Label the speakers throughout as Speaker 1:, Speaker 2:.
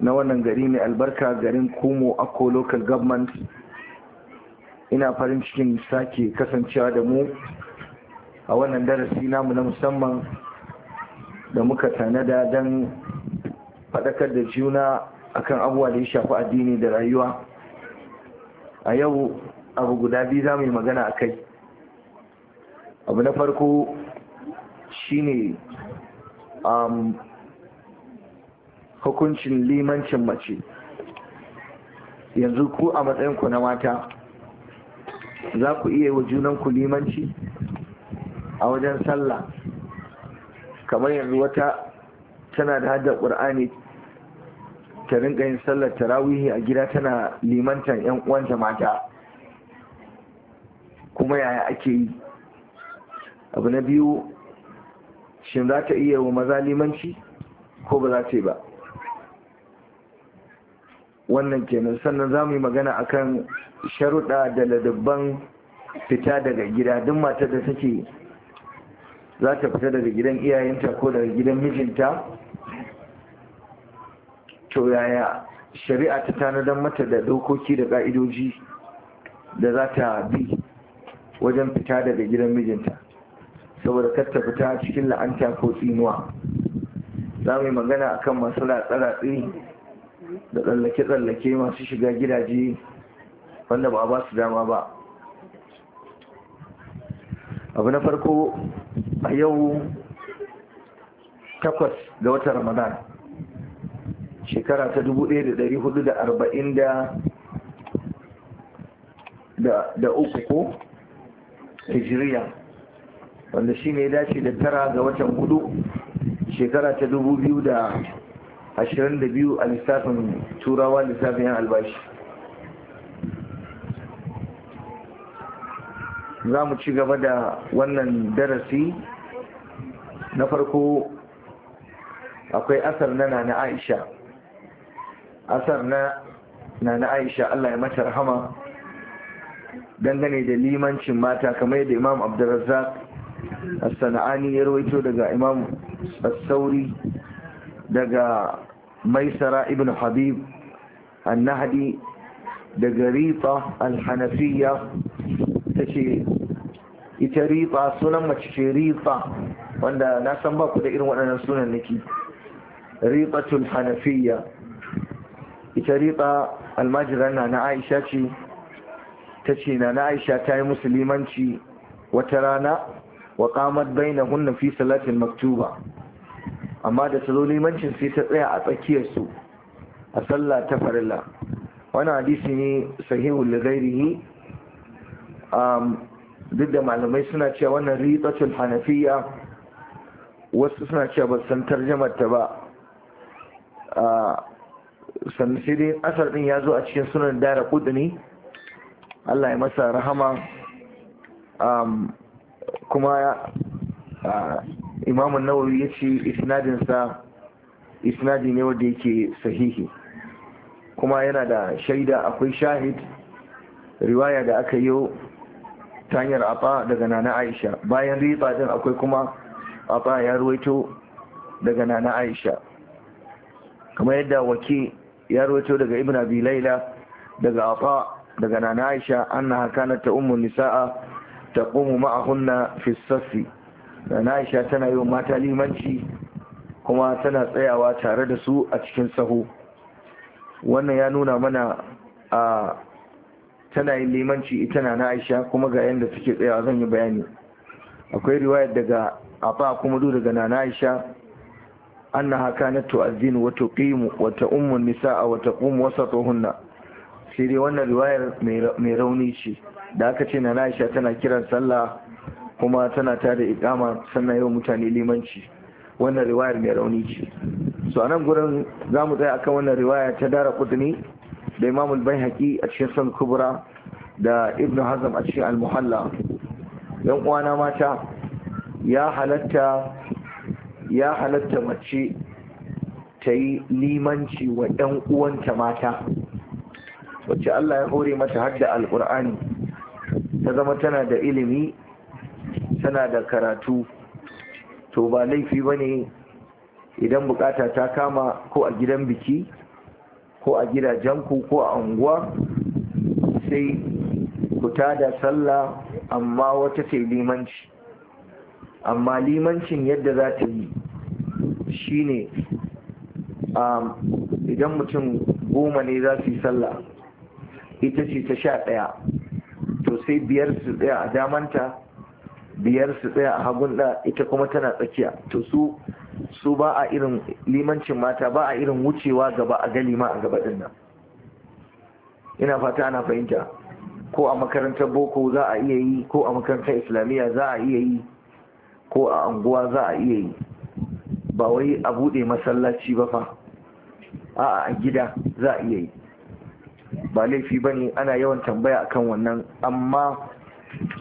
Speaker 1: na wannan gari mai albarka garin kumo akko local government ina farin cikin sake kasancewa da mu a wannan darasi namu na musamman da muka tanada don faɗakar da juna akan abuwa da ya shafi addini da rayuwa a yau abu guda biyu za mu yi magana a kai abu na farko shine um, hukuncin limancin mace yanzu ku a matsayin ku na mata za ku iya wa junan ku limanci a wajen sallah kamar yanzu wata tana da hada ƙur'ani ta rinka yin sallar tarawihi a gida tana limantan 'yan uwanta mata kuma yaya ake yi abu na biyu shin za ta iya wa maza limanci ko ba za ta yi ba wannan kenan sannan za mu yi magana akan sharuɗa da ladabban fita daga gida duk matar da take za ta fita daga gidan iyayenta ko daga gidan mijinta to yaya shari'a ta tanadar mata da dokoki da ƙa'idoji da za ta bi wajen fita daga gidan mijinta saboda kar ta fita cikin la'anta ko tsinuwa za mu yi magana akan masu ratsa-ratsi da tsallake-tsallake masu shiga gidaje wanda ba a ba su dama ba abu na farko a yau takwas ga watan ramadan shekara ta 1440 da da uku ko hijiriya wanda shi ne dace da tara ga watan hudu shekara ta dubu biyu da ashirin da biyu a lissafin turawa lissafin yan albashi za mu ci gaba da wannan darasi na farko akwai asar na na aisha asar na na aisha allah ya mata rahama dangane da limancin mata kamar yadda imam abdurrazzak a sanaani ya rawaito daga imam sassauri sauri daga maisara ibn habib Annahadi, daga rifa alhanafiya ta ce ita rifa sunan mace ce rifa wanda na san ba ku da irin waɗannan sunan nake rifatul hanafiya ita rifa almajiran na na aisha ce ta ce na na aisha ta yi musulmanci wata rana wa kamar bai na hunna fi salatin maktuba amma da ta zo limancin sai ta tsaya a tsakiyarsu a sallah ta farilla wani hadisi ne sahihul ghairihi duk da malamai suna cewa wannan riqatul hanafiya wasu suna cewa ba san tarjamar ta ba sannan sai dai asar din ya zo a cikin sunan dara kudini Allah ya masa rahama kuma imamun nawawi ya ce isnadinsa isnadi ne wanda yake sahihi kuma yana da shaida akwai shahid riwaya da aka yi ta hanyar afa daga nana aisha bayan riba din akwai kuma afa ya ruwaito daga nana aisha kamar yadda waki ya ruwaito daga ibn abi laila daga afa daga nana aisha annaha kanat ta ummu nisaa taqumu ma'ahunna fi safi da na aisha tana yi wa mata limanci kuma tana tsayawa tare da su a cikin saho wannan ya nuna mana a tana yin limanci ita na na kuma ga yadda suke tsayawa zan yi bayani akwai riwayar daga afa kuma du daga nana aisha annaha kanat tu'azzinu wa tuqimu wa ta'ummu nisaa wa taqumu wasatuhunna sai dai wannan riwayar mai rauni ce da aka ce na aisha tana kiran sallah kuma tana ta da ikama sannan yau mutane limanci wannan riwayar mai rauni ce so anan gurin za mu tsaya akan wannan riwaya ta dara kudni da imamul bai haƙi a cikin san kubra da ibnu hazam a cikin almuhalla yan uwana mata ya halatta mace ta yi limanci wa 'yan uwanta mata wacce Allah ya hore mata hadda alƙur'ani ta zama tana da ilimi tana da karatu to ba laifi ba ne idan bukata ta kama ko a gidan biki ko a gidajenku ko a unguwa sai ku da sallah amma wata ce limanci amma limancin yadda za ta yi shi ne um, idan mutum goma ne za su yi sallah ita ce ta sha ɗaya to sai biyar su tsaya a damanta biyar su tsaya a hagun da ita kuma tana tsakiya to su su ba a irin limancin mata ba a irin wucewa gaba a gali ma a gaba ina fata ana fahimta ko a makarantar boko za a iya yi ko a makarantar islamiyya za a iya yi ko a anguwa za a iya yi ba wai a bude masallaci ba fa a a gida za a iya yi ba laifi ba ne. ana yawan tambaya akan wannan amma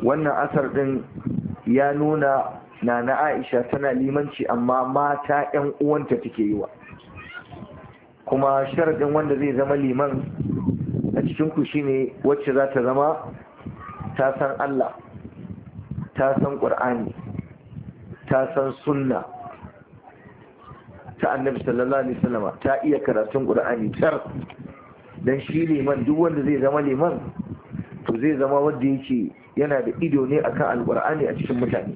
Speaker 1: wannan asar din ya nuna na na aisha tana limanci amma mata 'yan uwanta take yi wa kuma sharadin wanda zai zama liman a cikinku shine wacce za ta zama ta san allah ta san ƙur'ani ta san sunna ta annabi sallallahu alaihi wasallama ta iya karatun ƙur'ani, tar dan shi liman duk wanda zai zama liman to zai zama wanda yake yana da ido ne akan alqur'ani a cikin mutane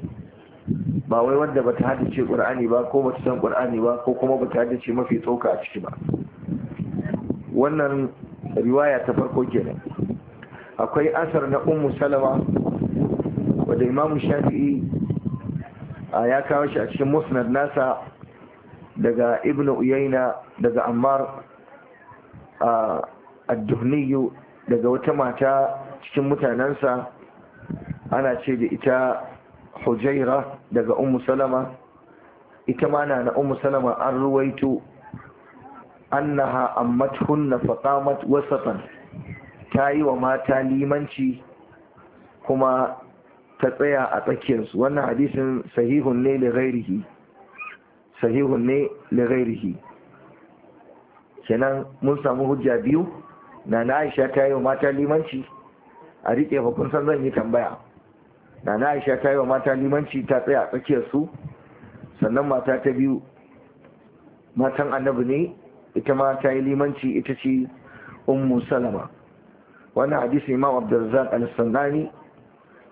Speaker 1: ba wai wanda bata haddace ƙur'ani ba ko bata san qur'ani ba ko kuma bata haddace mafi tsoka a ciki ba wannan riwaya ta farko kenan akwai asar na ummu salama wadda imamu shafi'i ya kawo shi a cikin musnad nasa daga ibnu uyaina daga ammar ad daga wata mata cikin mutanensa ana ce da ita hujaira daga umu salama ita ma na na salama an ruwaito annaha ammathunna faqamat wasatan ta yi wa mata limanci kuma ta tsaya a tsakiyarsu wannan hadisin sahihun ne li ghairihi sahihun ne li ghairihi kenan mun samu hujja biyu na na Aisha ta yi wa mata limanci a riƙe hukun san zan yi tambaya na na aisha ta yi wa mata limanci ta tsaya a tsakiyar sannan mata ta biyu matan annabi ne ita ma ta yi limanci ita ce ummu salama wannan hadisi imam abdulrazak al-sandani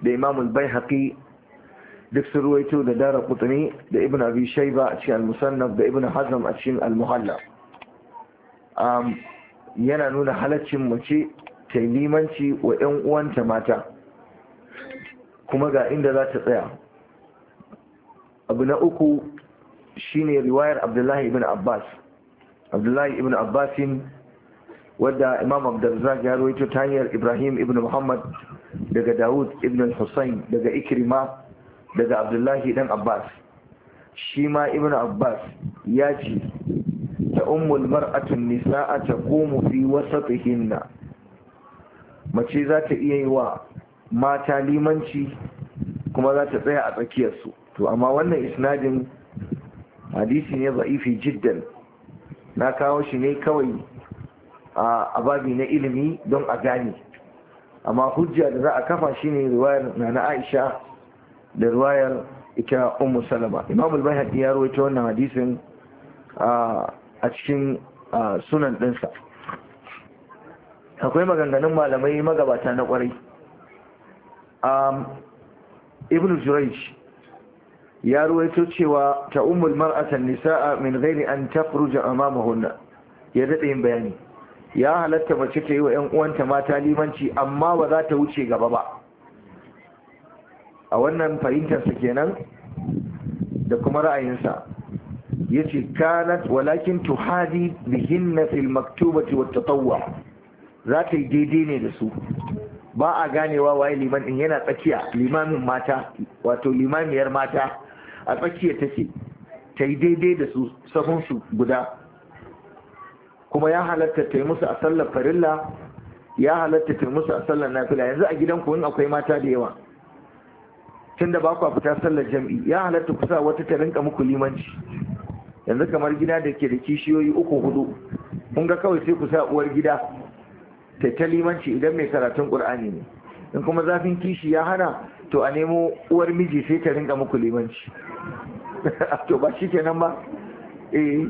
Speaker 1: da imam al haƙi duk sun ruwaito da dara kutani da ibn abi shaiba a cikin al-musannaf da ibn hazm a cikin al-muhalla yana nuna halaccin mace ta limanci wa 'yan uwanta mata kuma ga inda za ta tsaya abu na uku shine riwayar abdullahi ibn abbas abdullahi ibn abbasin wadda imam abdullahi ya rawaito ta hanyar ibrahim ibn muhammad daga dawud ibn hussein daga ikrima daga abdullahi dan abbas shi ma ibn abbas ya ce ta umul mar'atun nisa'a ta komu fi wasatihinna mace za ta iya yi wa mata limanci kuma za ta tsaya a tsakiyarsu to amma wannan isnadin hadisi ne za'ifi jiddan na kawo shi ne kawai a ababi na ilimi don a gane amma hujja da za a kafa shi ne ruwayar na na aisha da ruwayar ita Umar salama imam al ya rawaito wannan hadisin a cikin sunan ɗinsa akwai maganganun malamai magabata na ƙwarai Um, ibn juraish ya ruwaito cewa ta umul mar'atan nisa'a min ghairi an takhruja amamahunna ya dade yin bayani ya halatta mace ta yi wa 'yan uwanta mata limanci amma ba za ta wuce gaba ba a wannan fahimtarsa kenan da kuma ra'ayinsa ya ce kanat walakin tuhadi bihinna fil maktubati wat tatawwa za ta yi daidai ne da su ba a ganewa waye liman in yana tsakiya limamin mata wato limamiyar mata a tsakiya take ta yi daidai da su sahun guda kuma ya halatta ta yi musu a sallar farilla ya halatta ta yi musu a sallar nafila yanzu a gidan ku akwai mata da yawa tun da ba fita sallar jam'i ya halatta kusa wata ta rinka muku limanci yanzu kamar gida da ke da kishiyoyi uku hudu kun ga kawai sai ku sa uwar gida ta limanci idan mai karatun ƙur'ani ne in kuma zafin kishi ya hana to a nemo uwar miji sai ta rinka muku limanci to ba shi kenan ba eh,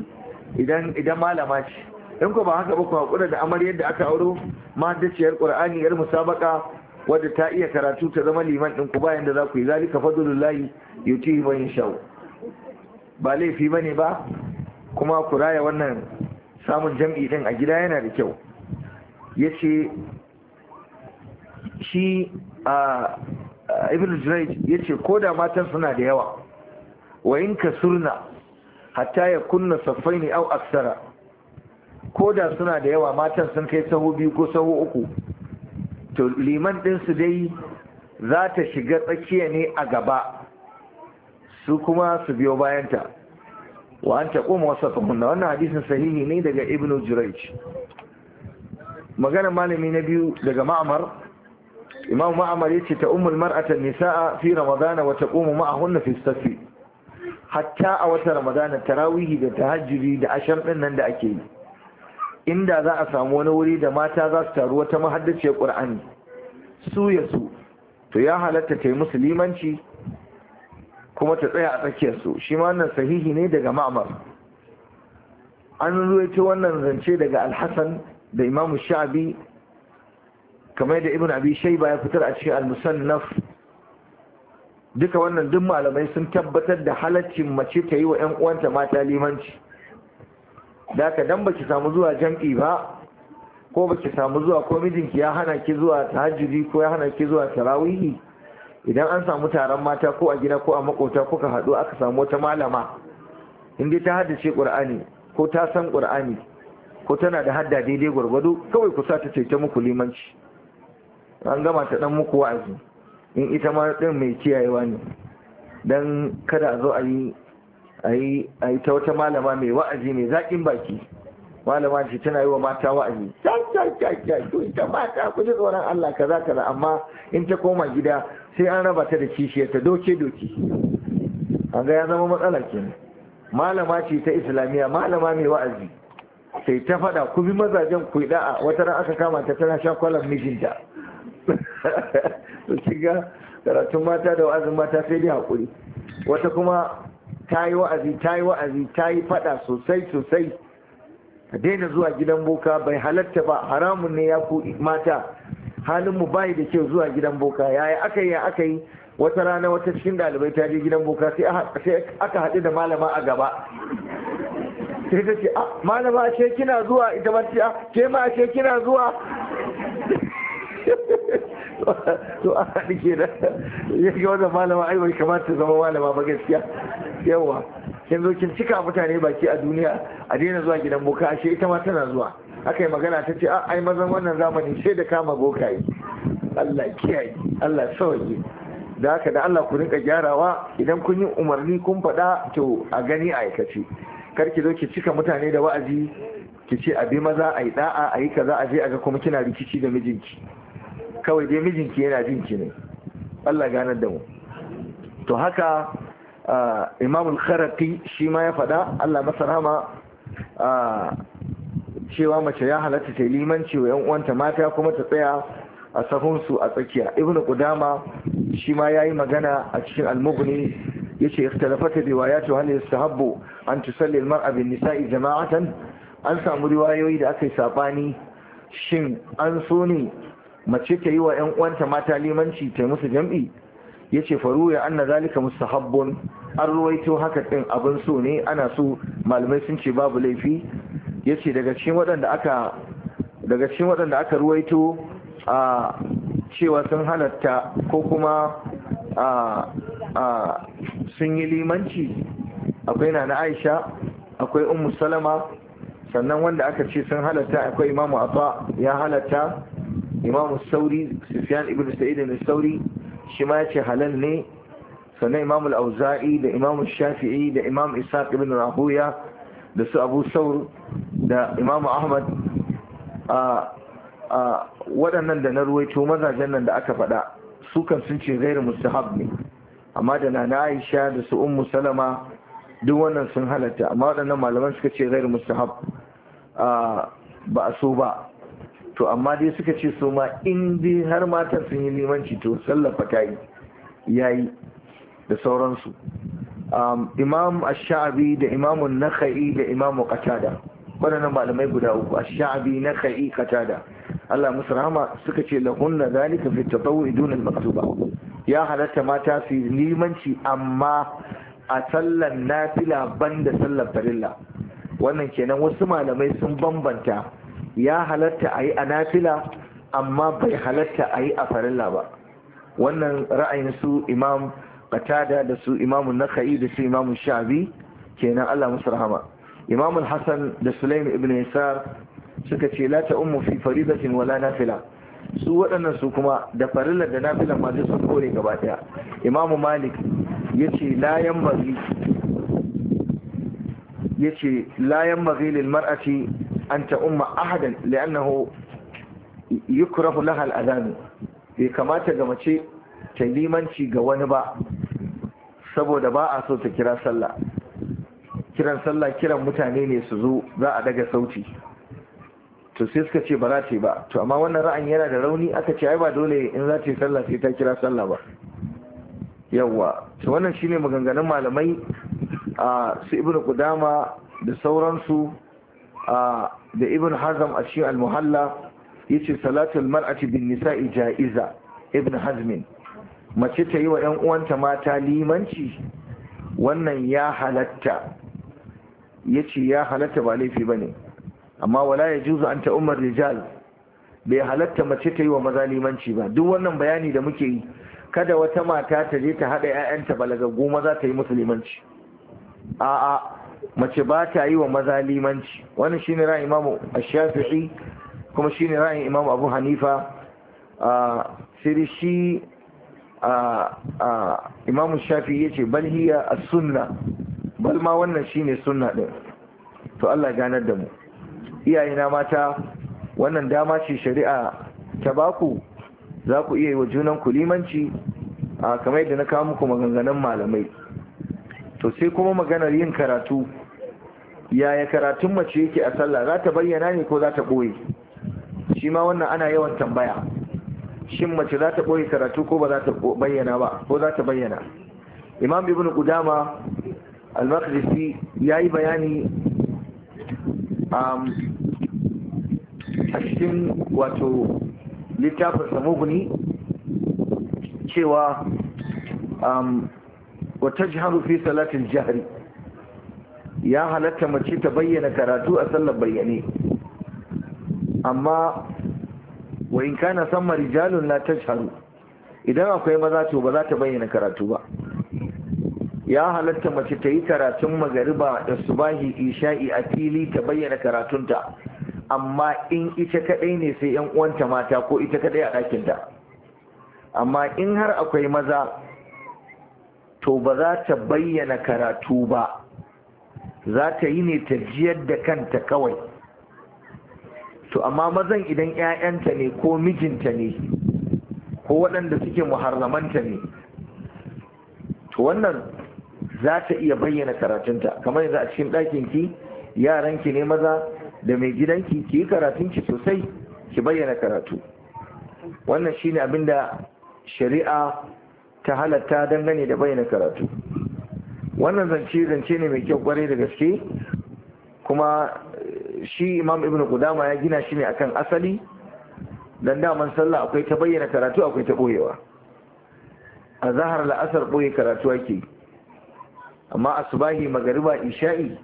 Speaker 1: idan malama ce in ku ba haka ba ku haƙura da amar yadda aka auro mahadaciyar ƙur'ani? yar musabaka wadda ta iya karatu ta zama liman din ku bayan da za ku yi zalika fadlullahi yutihi man yasha ba laifi bane ba kuma ku raya wannan samun jam'i din a gida yana da kyau ya ce shi a ibn jirage ya ce ko da matan suna da yawa wayin ka surna hatta ya kunna saffai ne au aksara ko da suna da yawa matan sun kai saho biyu ko saho uku to liman ɗinsu dai za ta shiga tsakiya ne a gaba su kuma su biyo bayanta wa an taɓo masa fahimta wannan hadisin sahihi ne daga ibn jirage magana malami na biyu daga ma'amar imam ma'amar ce ta ummul mar'ata nisaa fi ramadana wa taqumu ma'ahun fi safi hatta a wata ramadana tarawihi da tahajjudi da ashar din nan da ake yi inda za a samu wani wuri da mata za su taru wata mahaddaciyar ƙur'ani. su ya su to ya halatta ta yi musulmanci kuma ta tsaya a tsakiyarsu, shi ma wannan sahihi ne daga ma'amar an ruwaito wannan zance daga alhassan da imamu sha'abi kamar da ibn abi shaiba ya fitar a cikin al-musannaf duka wannan duk malamai sun tabbatar da halaccin mace ta yi wa 'yan uwanta mata limanci da haka dan baki samu zuwa jam'i ba ko baki samu zuwa ko mijinki ya hana ki zuwa tahajjudi ko ya hana ki zuwa tarawihi idan an samu taron mata ko a gida ko a makota ka haɗu aka samu wata malama in dai ta haddace ƙur'ani ko ta san ƙur'ani ko tana da hadda daidai gwargwado kawai ku sa ta ce ta muku limanci an gama ta dan muku wa'azi in ita ma din mai kiyayewa ne dan kada a zo a yi a yi ta wata malama mai wa'azi mai zaƙin baki malama ce tana yi wa mata wa'azi ta mata ku ji tsoron Allah kaza kaza amma in ta koma gida sai an raba ta da kishiyarta doke doke an ga ya zama matsala kenan malama ce ta islamiyya malama mai wa'azi sai ta fada ku bi mazajen ku a wata ran aka kama ta tana sha kwalan mijinta ga karatun mata da wa'azin mata sai dai hakuri wata kuma ta wa'azi ta yi wa'azi ta yi fada sosai sosai A daina zuwa gidan boka bai halatta ba haramun ne ya ku mata halin mu bai da kyau zuwa gidan boka yaya aka yi aka yi wata rana wata cikin dalibai ta je gidan boka sai aka haɗu da malama a gaba sai ta ce a ah, malama ashe kina zuwa ita ma ce ah, ke ma ashe kina zuwa to a haɗi ke da ya ga wannan malama ai bai kamata zama malama ba gaskiya yawa kin zo kin cika mutane baki a duniya a daina zuwa gidan boka ashe ita ma tana zuwa aka yi magana ta ce a ah, ai mazan wannan zamani sai da kama bokaye Allah kiyaye Allah sauye da haka da Allah ku rinka gyarawa idan kun yi umarni kun faɗa to a gani a aikace kar ki zo ki cika mutane da wa'azi ki ce abi maza a yi da'a a yi kaza a je a ga kuma kina rikici da mijinki kawai dai mijinki yana jinki ne Allah ganar da mu to haka imamul kharaqi shi ma ya faɗa Allah masa rahama cewa mace ya halatta ta limanci wa yan uwanta mata kuma ta tsaya a sahunsu a tsakiya ibnu qudama shi ma yayi magana a cikin al-mughni yace ikhtalafat riwayatu hal yastahabbu an tusalli al-mar'a bin nisa'i jama'atan an samu riwayoyi da aka yi sabani shin an so ne mace ta yi wa 'yan uwanta mata limanci ta musu jam'i ya ce faru ya anna zalika mustahabbun an ruwaito haka ɗin abin so ne ana so malamai sun ce babu laifi ya daga cikin waɗanda aka daga ruwaito a cewa sun halatta ko kuma sun yi limanci akwai na aisha akwai ummu salama sannan wanda aka ce sun halatta akwai imamu afa ya halatta imamu sauri Sufiyan ibn sa'id ibn sauri shi ma yace halal ne sannan imamu al-auza'i da imamu shafi'i da imamu Isa ibn rahuya da su abu saur da imamu ahmad a waɗannan da na ruwaito mazajen nan da aka faɗa Su kan sun ce gairu mustahab ne amma da na Aisha da su ummu salama duk wannan sun halatta amma waɗannan malaman suka ce gairu mustahab ba a so ba to amma dai suka ce so ma in dai har matan sun yi limanci to sallafa ta yi yayi da sauransu imam ash shaabi da imam an-nakhai da imam qatada waɗannan malamai guda uku ash-sha'bi nakhai qatada Allah musu rahama suka ce lahunna zalika fi ta dun al-maktuba ya halatta mata su limanci amma a sallan nafila banda sallar farilla wannan kenan wasu malamai sun bambanta ya halatta a yi a nafila amma bai halatta a yi a farilla ba wannan ra'ayin su imam qatada da su imamun nakhai da su imamun shabi kenan Allah musu rahama Imam hassan da sulaim ibn Isa. suka ce la ta'ummu fi faridatin wala nafila su waɗannan su kuma da farilla da nafila ma duk sun kore gaba daya imamu malik yace la yanbaghi yace la yanbaghi lil mar'ati an ta'umma ahadan li'annahu yukrahu laha al-adhan bai kamata ga mace ta limanci ga wani ba saboda ba a so ta kira sallah kiran sallah kiran mutane ne su zo za a daga sauti to sai suka ce ba za ta yi ba to amma wannan ra'ayin yana da rauni aka ce ai ba dole in za ta yi sallah sai ta kira sallah ba yawwa to wannan shine maganganun malamai a su ibn Kudama da sauransu a da ibn hazm a cikin al-muhalla yace salatul mar'ati bin nisa'i ja'iza ibn hazm mace ta yi wa 'yan uwanta mata limanci wannan ya halatta yace ya halatta ba laifi bane amma wala ya juzu an ta'ummar rijal bai halatta mace ta yi wa maza limanci ba duk wannan bayani da muke yi kada wata mata ta je ta haɗa 'ya'yanta balagaggu maza ta yi musu limanci a'a mace ba ta yi wa maza limanci wannan shine ra'ayin imamu ash-shafi'i kuma shine ra'ayin imamu abu hanifa sai shi imamu shafi'i yace bal hiya as-sunna bal ma wannan shine sunna din to Allah ganar da mu iyayena mata wannan dama ce shari'a ta baku za ku iya yi wa junan kulimanci? limanci a kamar yadda na kawo muku maganganun malamai to sai kuma maganar yin karatu yaya karatun mace yake a sallah za ta bayyana ne ko za ta ɓoye shi ma wannan ana yawan tambaya shin mace za ta ɓoye karatu ko ba za ta bayyana ba ko za ta bayyana imam ibn qudama al-maqdisi yayi bayani a cikin wato littafin samoguni, cewa um, wata jiharu fi salatin jihari ya halatta mace ta bayyana karatu a sallar bayyane amma wa kana san marijalun na ta tajharu idan akwai maza to ba za ta bayyana karatu ba ya halatta mace ta yi karatun magariba da subahi isha'i a fili ta bayyana karatunta amma in ita kadai ne sai yan uwanta mata ko ita kadai a ɗakin ta amma in har akwai maza to ba za ta bayyana karatu ba za ta yi ne ta jiyar da kanta kawai to amma mazan idan 'ya'yanta ne ko mijinta ne ko waɗanda suke muharramanta ne to wannan za ta iya bayyana karatunta kamar yanzu a cikin ɗakin yaran yaranki ne maza da mai gidanki ki yi karatunki sosai ki bayyana karatu wannan shine da shari'a ta halatta dangane da bayyana karatu wannan zance zance ne mai kyau kwarai da gaske kuma eh, shi imam ibn Kudama ya gina shi ne akan asali dan daman sallah akwai ta bayyana karatu akwai ta boyewa a zahar la'asar boye karatu ake amma asubahi magariba isha'i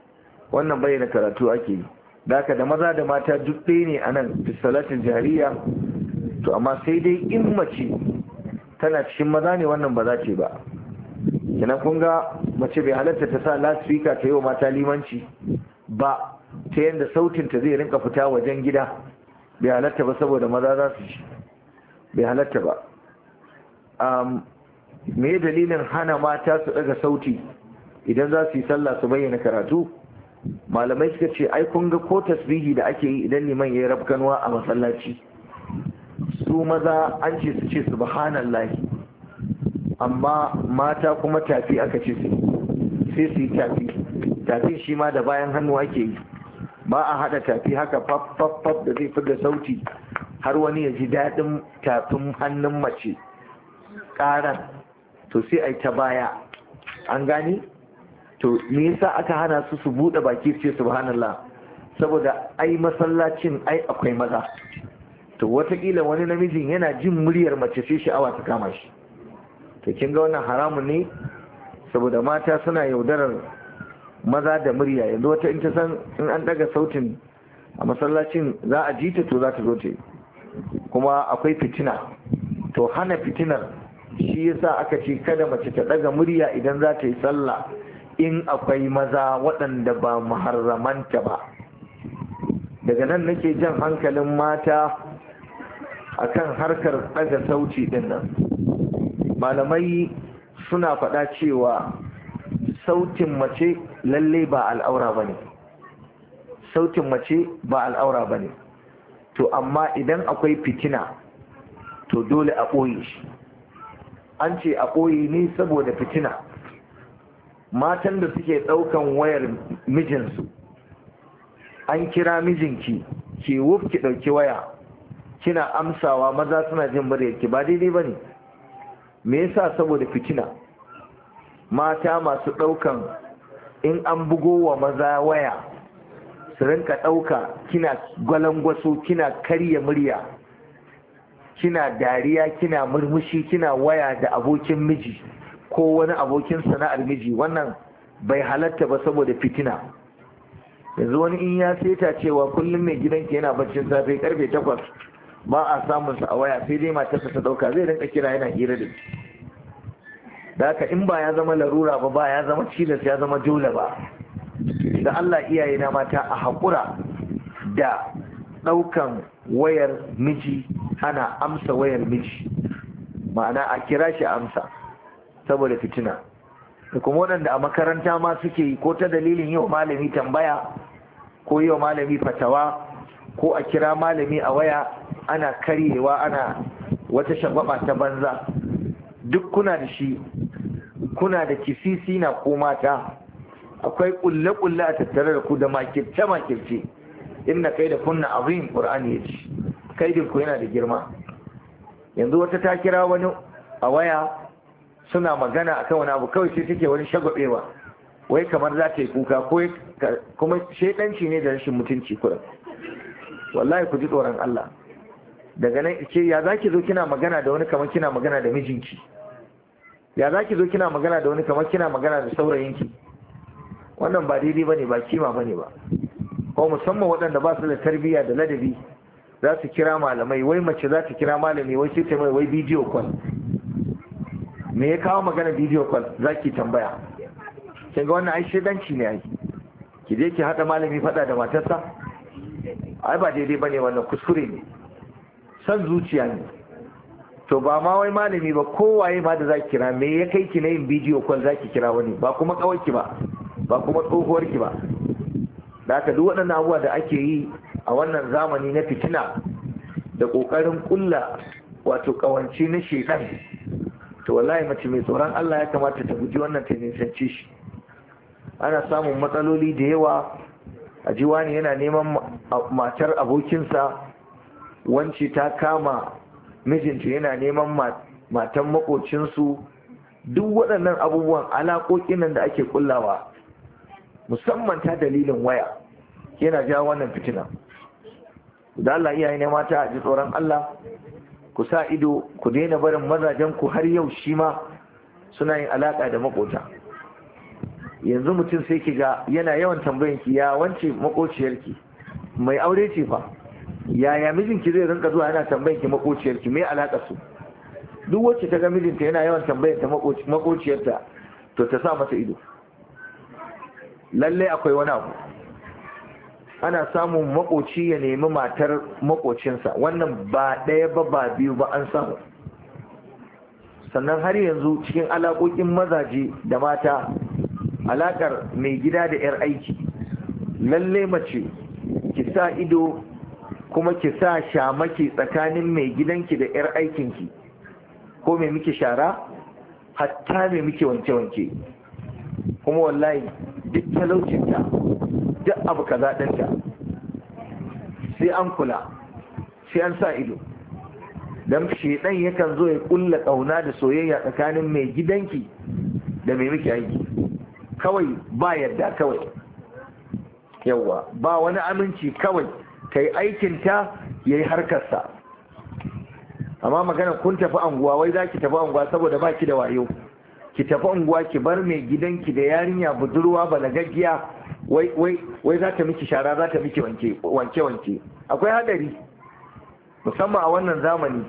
Speaker 1: wannan bayyana karatu ake yi daka da maza da mata duk ɗaya ne a nan salatin jariya to amma sai dai in mace tana cikin maza ne wannan ba za ce ba kina kun ga mace bai halatta ta sa lasfika ta yi wa mata limanci ba ta yadda sautinta zai rinka fita wajen gida bai halatta ba saboda maza za su ci bai halatta ba me dalilin hana mata su daga sauti idan za su yi sallah su bayyana karatu malamai suka ce ai kun ga ko tasbihi da ake yi idan liman yi rafkanwa a masallaci su maza an ce su ce subhanallahi amma mata kuma tafi aka ce su sai su yi tafi tafi shi ma da bayan hannu ake yi ba a hada tafi haka faf da zai fitar sauti har wani ya ji daɗin tafin hannun mace ƙaran to sai a ta baya an gani to me yasa aka hana su su bude baki su ce subhanallah saboda ai masallacin ai akwai maza to watakila wani namijin yana jin muryar mace sai sha'awa ta kama shi to kin ga wannan haramun ne saboda mata suna yaudarar maza da murya yanzu wata in ta san in an daga sautin a masallacin za a ji ta to za ta zo ta kuma akwai fitina to hana fitinar shi yasa aka ce kada mace ta daga murya idan za ta yi sallah in akwai maza waɗanda ba muharramanta ba daga nan nake jan hankalin mata a kan harkar ɗaga sauti ɗin nan malamai suna faɗa cewa sautin mace lalle ba al'aura ba ne sautin mace ba al'aura ba ne to amma idan akwai fitina to dole a ɓoye shi an ce a ɓoye ne saboda fitina matan da suke ɗaukan wayar mijinsu an kira mijinki ki wufki ki ɗauki waya kina amsawa maza suna jin muryarki ba daidai bane me yasa saboda fitina mata masu ɗaukan in an bugo wa maza waya su rinka ɗauka kina gwalangwaso kina karya murya kina dariya kina murmushi kina waya da abokin miji ko wani abokin sana'ar miji wannan bai halatta ba saboda fitina yanzu wani in ya seta cewa kullum mai gidanki yana baccin safe karfe takwas ba a samun sa a waya sai dai matarsa ta dauka zai rinka kira yana hira da da haka in ba ya zama larura ba ba ya zama cilas ya zama jola ba da Allah iyaye na mata a hakura da ɗaukan wayar miji ana amsa wayar miji ma'ana a kira shi amsa saboda fitina da kuma waɗanda a makaranta ma suke ko ta dalilin yau malami tambaya ko yau malami fatawa ko a kira malami a waya ana karyewa ana wata shagwaba ta banza duk kuna da shi kuna da kisisi na ko mata akwai kulle-kulle a tattare da ku da makirce-makirce inda kai da kunna abin ƙur'ani ya ci kaidinku yana da girma yanzu wata ta kira wani a waya suna magana akan wani abu kawai sai take wani shagwabewa wai kamar za ta yi kuka ko kuma shaidanci ne da rashin mutunci kuɗin wallahi ku ji tsoron Allah daga nan ke ya za ki zo kina magana da wani kamar kina magana da mijinki ya za ki zo kina magana da wani kamar kina magana da saurayinki wannan ba daidai bane ba kima bane ba ko musamman waɗanda ba su da tarbiyya da ladabi za su kira malamai wai mace za ta kira malami wai sai ta mai wai bidiyo kwan me ya kawo magana video call za ki tambaya kin ga wannan ai shedanci ne ai ki je ki haɗa malami faɗa da matarsa ai ba daidai bane wannan kuskure ne san zuciya ne to ba ma wai malami ba kowaye ma da zaki kira me ya kai ki na yin bidiyo call zaki kira wani ba kuma kawai ba ba kuma tsohuwar ki ba da haka duk waɗannan abubuwa da ake yi a wannan zamani na fitina da ƙoƙarin ƙulla wato ƙawance na shekaru to wallahi mace mai tsoron Allah ya kamata ta guji wannan ta nisanci shi ana samun matsaloli da yawa a yana neman matar abokinsa wance ta kama mijinta yana neman matan makocinsu duk waɗannan abubuwan alaƙoƙin nan da ake kullawa musamman ta dalilin waya yana jawo wannan fitina da Allah iyaye ne mata a ji tsoron Allah ku sa ido ku daina barin mazajen ku har yau shi ma suna yin alaka da makota yanzu mutum sai ki ga yana yawan tambayan ki ya wance ki mai aure ce fa yaya mijinki zai rinka zuwa yana tambayan ki ki mai alaka su duk wacce ta ga mijinta yana yawan tambayan ta ta to ta sa masa ido lallai akwai wani abu ana samun makoci ya nemi matar makocinsa wannan ba ɗaya ba ba biyu ba an samu sannan har yanzu cikin alaƙoƙin mazaje da mata alaƙar mai gida da 'yar aiki lalle mace ki sa ido kuma ki sa shamaki tsakanin mai gidanki da 'yar aikinki ko mai miki shara hatta mai miki wanke-wanke kuma wallahi duk talaucinta duk abu zaɗin zaɗanta, sai an kula sai an sa ido don shaidan yakan zo ya ƙulla ƙauna da soyayya tsakanin mai gidanki da mai miki aiki kawai ba yadda kawai yawa ba wani aminci kawai ka yi aikinta ya yi harkarsa amma magana kun tafi anguwa wai za ki tafi anguwa saboda ba ki da wayo ki tafi unguwa ki bar mai gidanki da yarinya budurwa balagaggiya wai za ta miki shara za ta miki wanke wanke akwai hadari musamman a wannan zamani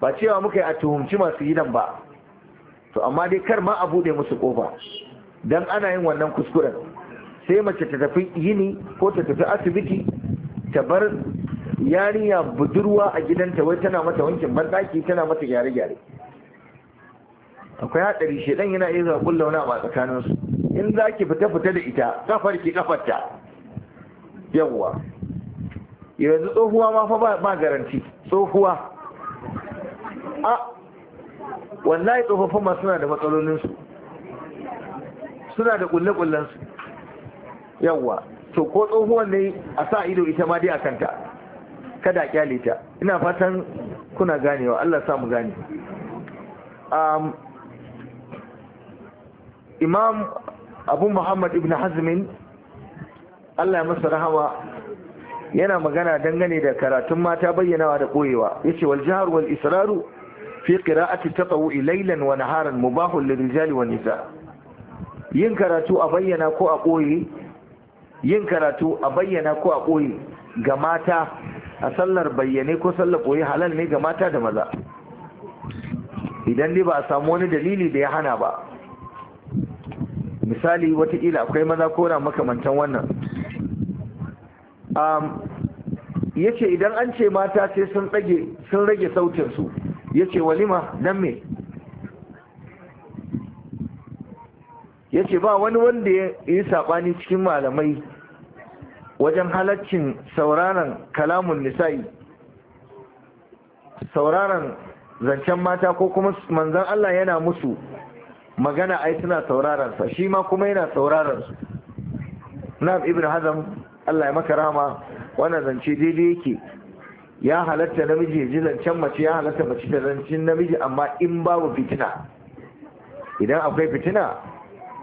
Speaker 1: ba cewa muka yi a tuhumci masu gidan ba to amma dai kar ma a bude musu kofa dan ana yin wannan kuskuren sai mace ta tafi yini ko ta tafi asibiti ta bar yarinya budurwa a gidanta wai tana mata wankin banɗaki tana mata gyare-gyare akwai haɗari shedan yana iya zaɓin launa a tsakaninsu in za ki fita fita da ita kafar ki kafarta yawwa yanzu tsohuwa ma fa ba garanti tsohuwa a wallahi tsofaffin ma suna da matsalolinsu suna da kulle-kullensu yawwa to ko tsohuwan ne a sa ido ita ma dai a kanta kada kyale ta ina fatan kuna ganewa Allah sa mu gane imam abu muhammad ibn hazmin allah ya masa rahama yana magana dangane da karatun mata bayyanawa da koyewa yace wal jahr wal israru fi qira'ati tatawu'i laylan wa naharan mubahun lirijali wa nisa yin karatu a bayyana ko a koyi yin karatu a bayyana ko a koyi ga mata a sallar bayyane ko sallar koyi halal ne ga mata da maza idan ne ba a samu wani dalili da ya hana ba misali watakila akwai maza ko na makamantan wannan ya ce idan an ce mata sai sun rage sautinsu ya ce walima don me ya ce ba wani wanda ya yi saɓani cikin malamai wajen halaccin sauraron kalamun nisa'i sauraron zancen mata ko kuma manzan Allah yana musu magana ai suna sauraron shi ma kuma yana sauraron su na'am ibn hazam Allah ya maka rama. wannan zance daidai yake ya halatta namiji ya ji zancen mace ya halatta mace da zancen namiji amma in babu fitina idan akwai fitina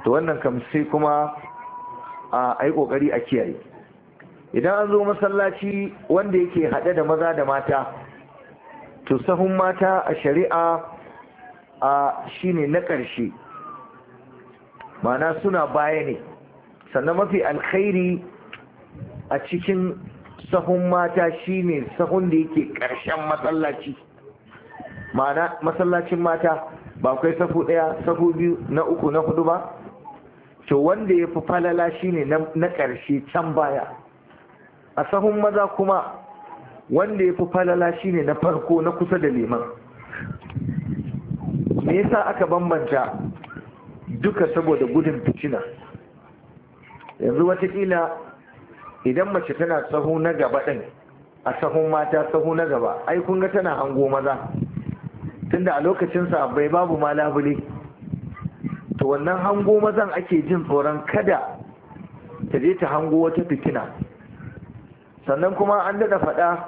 Speaker 1: to wannan kam sai kuma a yi kokari a kiyaye idan an zo masallaci wanda yake hade da maza da mata to sahun mata a shari'a a shine na ƙarshe mana suna baya ne sannan mafi alkhairi a cikin sahun mata shine sahun da yake ƙarshen matsalaci mana matsalacin mata ba kai sahu ɗaya sahu biyu na uku na hudu ba to wanda ya fi falala shine na ƙarshe can baya a sahun maza kuma wanda ya fi falala shine na farko na kusa da liman me yasa aka bambanta duka saboda gudun fitina yanzu watakila idan mace tana sahu na gaba ɗin a sahun mata tsaho na gaba ai kun ga tana hango maza tunda a lokacin bai babu ma labule to wannan hango mazan ake jin tsoron kada ta je ta hango wata fitina sannan kuma an daɗa faɗa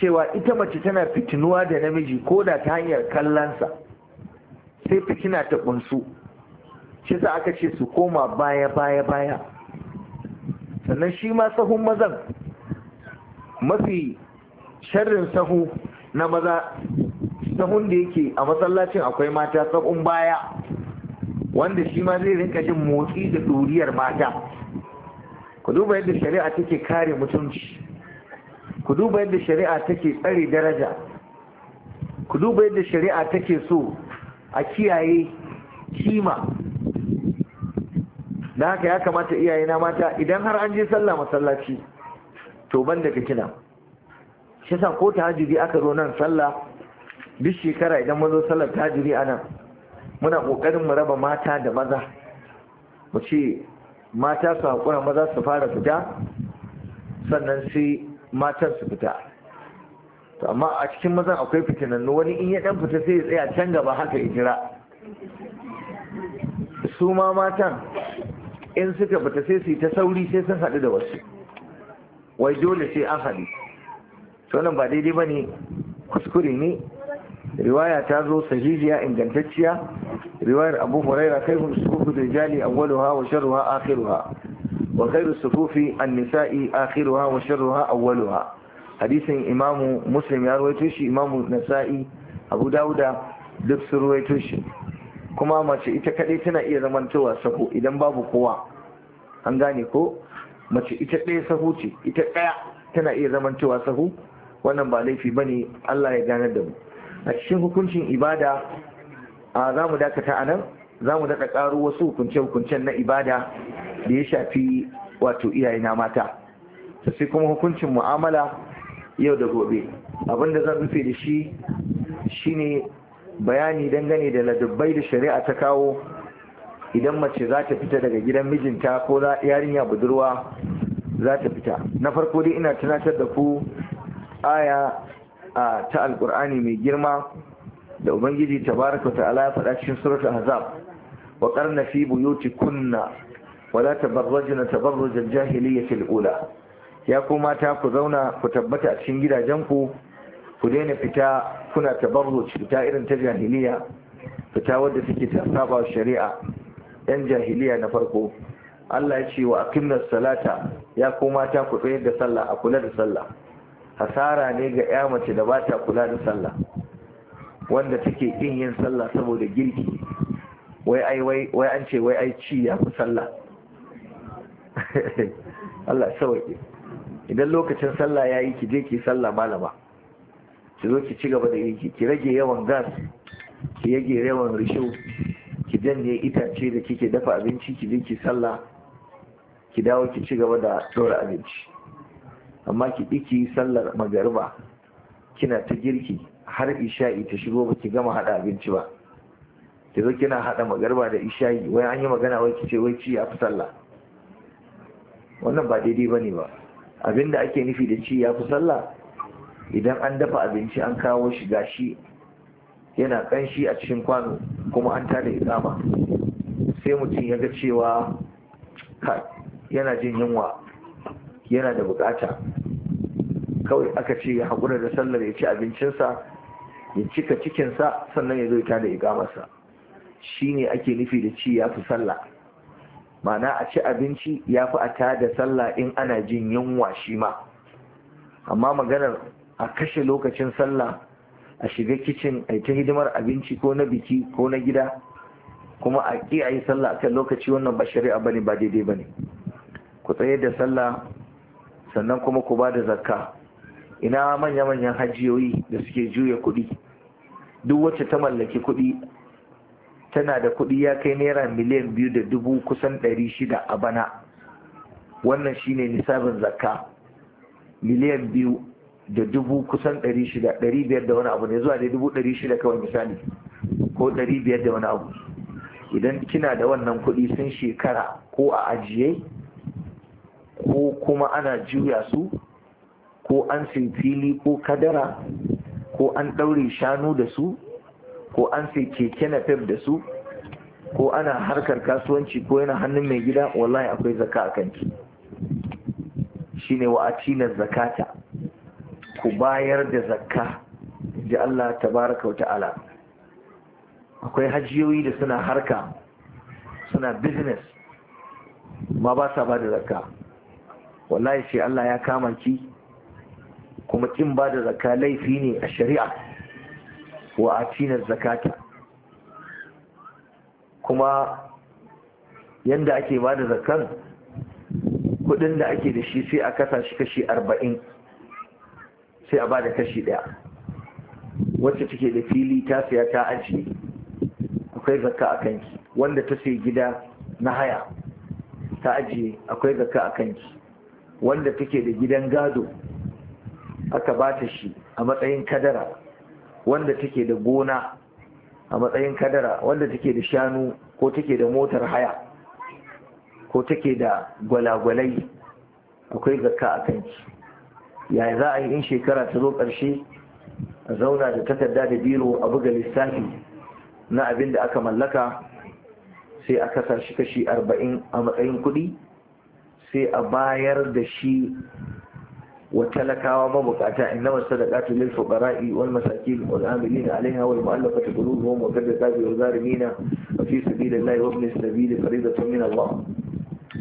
Speaker 1: cewa ita mace tana fitinuwa da namiji ko da ta hanyar kallonsa sai fitina ta ƙunsu shi sa aka ce su koma baya baya baya sannan shi ma sahun mazan mafi sharrin sahu na maza sahun da yake a masallacin akwai mata sahun baya wanda shi ma zai rinka jin motsi da ɗuriyar mata ku duba yadda shari'a take kare mutunci ku duba yadda shari'a take tsare daraja ku duba yadda shari'a take so a kiyaye kima da haka ya kamata iyaye na mata idan har an je sallah masallaci to ban da kina shi sa ko tahajjudi aka zo nan sallah duk shekara idan mun zo sallar tahajjudi a nan muna kokarin mu raba mata da maza mu ce mata su haƙura maza su fara fita sannan sai matan su fita to amma a cikin mazan akwai fitinan wani in ya dan fita sai ya tsaya can gaba haka ya jira su ma matan in suka fita sai su yi ta sauri sai sun haɗu da wasu wai dole sai an haɗu To nan ba daidai ba ne kuskure ne riwaya ta zo sahihiya ingantacciya riwayar abu huraira kai kun su da rijali awwaluha wa sharruha akhiruha وخير الصفوف النساء آخرها وشرها أولها حديث إمام مسلم يرويتوشي إمام النسائي أبو داود دكس رويتوشي kuma mace ita kaɗai tana iya zamantowa sahu idan babu kowa an gane ko mace ita ɗaya tana iya zamantowa sahu wannan ba laifi ba ne Allah ya ganar da mu a cikin hukuncin ibada a zamu dakata a nan za mu daɗa ƙaro wasu hukunce-hukuncen na ibada da ya shafi wato iyayena mata sai kuma hukuncin mu'amala yau da gobe Abin da zan rufe da shi shine bayani dangane da ladabbai da shari'a ta kawo idan mace za ta fita daga gidan mijinta ko yarinya budurwa za ta fita na farko dai ina tunatar da ku aya ta Alƙur'ani mai girma da ubangiji tabaraka ta'ala ya faɗa cikin suratul hazab وقرن في بيوتكن ولا تبرجن تبرج الجاهلية الأولى ya kuma ta ku zauna ku tabbata a cikin gidajenku ku daina fita kuna tabarruci fita irin ta jahiliya fita wadda suke ta saba shari'a yan jahiliya na farko Allah ya ce wa aqimnas salata ya kuma ta ku tsayar da sallah a kula da sallah hasara ne ga ya mace da bata kula da sallah wanda take kin yin sallah saboda girki wai an ce wai ai ya fi sallah Allah sauke idan lokacin sallah ya yi ki je ki sallah malama ki zo ki ci gaba da yi ki rage yawan gas ki yage yawan risho ki janye itace da kike dafa abinci ki je ki sallah ki dawo ki ci gaba da dora abinci amma ki ɗiki sallar magariba kina ta girki har isha'i ta shigo ba ki gama haɗa abinci ba da zai kina hada magarba da ishayi wai an yi magana wai kice wai ci ya fi sallah wannan ba daidai bane ba abinda ake nufi da ci ya fi sallah idan an dafa abinci an kawo shi gashi yana kanshi a cikin kwano kuma an tada ikama sai mutum ya ga cewa yana jin yunwa yana da bukata kawai aka ce ya haƙura da sallar ya ci abincinsa ya cika cikinsa sannan ya zo ya tada ikamarsa shi ne ake nufi da ci ya fi sallah ma'ana a ci abinci ya fi a da sallah in ana jin yunwa shi ma amma maganar a kashe lokacin sallah a shiga kicin a ta hidimar abinci ko na biki ko na gida kuma a ke a yi sallah a kan lokaci wannan ba shari'a ne ba daidai bane ku tsaye da sallah sannan kuma ku ba da zakka ina manya-manyan hajiyoyi da suke juya kuɗi duk wacce ta mallaki kuɗi tana da kuɗi ya kai naira miliyan biyu da dubu kusan ɗari shida a bana wannan shine nisabin zakka miliyan biyu da dubu kusan ɗari shida ɗari biyar da wani abu ne zuwa da dubu ɗari shida kawai misali ko ɗari biyar da wani abu idan kina da wannan kuɗi sun shekara ko a ajiye ko kuma ana juya su ko an fili ko kadara ko an ɗaure shanu da su ko an sai keke na fef da su ko ana harkar kasuwanci ko yana hannun mai gida wallahi akwai zaka a kanki shine wa atina zakata ku bayar da zakka da Allah tabaraka wa ta'ala akwai hajjiyoyi da suna harka suna business ma ba sa ba da zakka wallahi sai Allah ya kama ki kuma kin ba da zakka laifi ne a shari'a wa atina zakata kuma yadda ake ba da zakar kudin da ake da shi sai a kasa shi kashi arba'in sai a ba da kashi daya wacce take da fili ta siya ta ajiye akwai zakka a kanki wanda ta sai gida na haya ta ajiye akwai zakka a kanki wanda take da gidan gado aka ba ta shi a matsayin kadara wanda take da gona a matsayin kadara wanda take da shanu ko take da motar haya ko take da gwalagwalai akwai zakka a kanki yaya za a yi in shekara ta zo ƙarshe a zauna da takarda da biro a buga lissafi na abin da aka mallaka sai a kasa shi kashi arba'in a matsayin kuɗi sai a bayar da shi وتلكاوا مبقاتا إنما الصدقات للفقراء والمساكين والآملين عليها والمؤلفة قلوبهم وفي الرقاب والغارمين وفي سبيل الله وابن السبيل فريضة من الله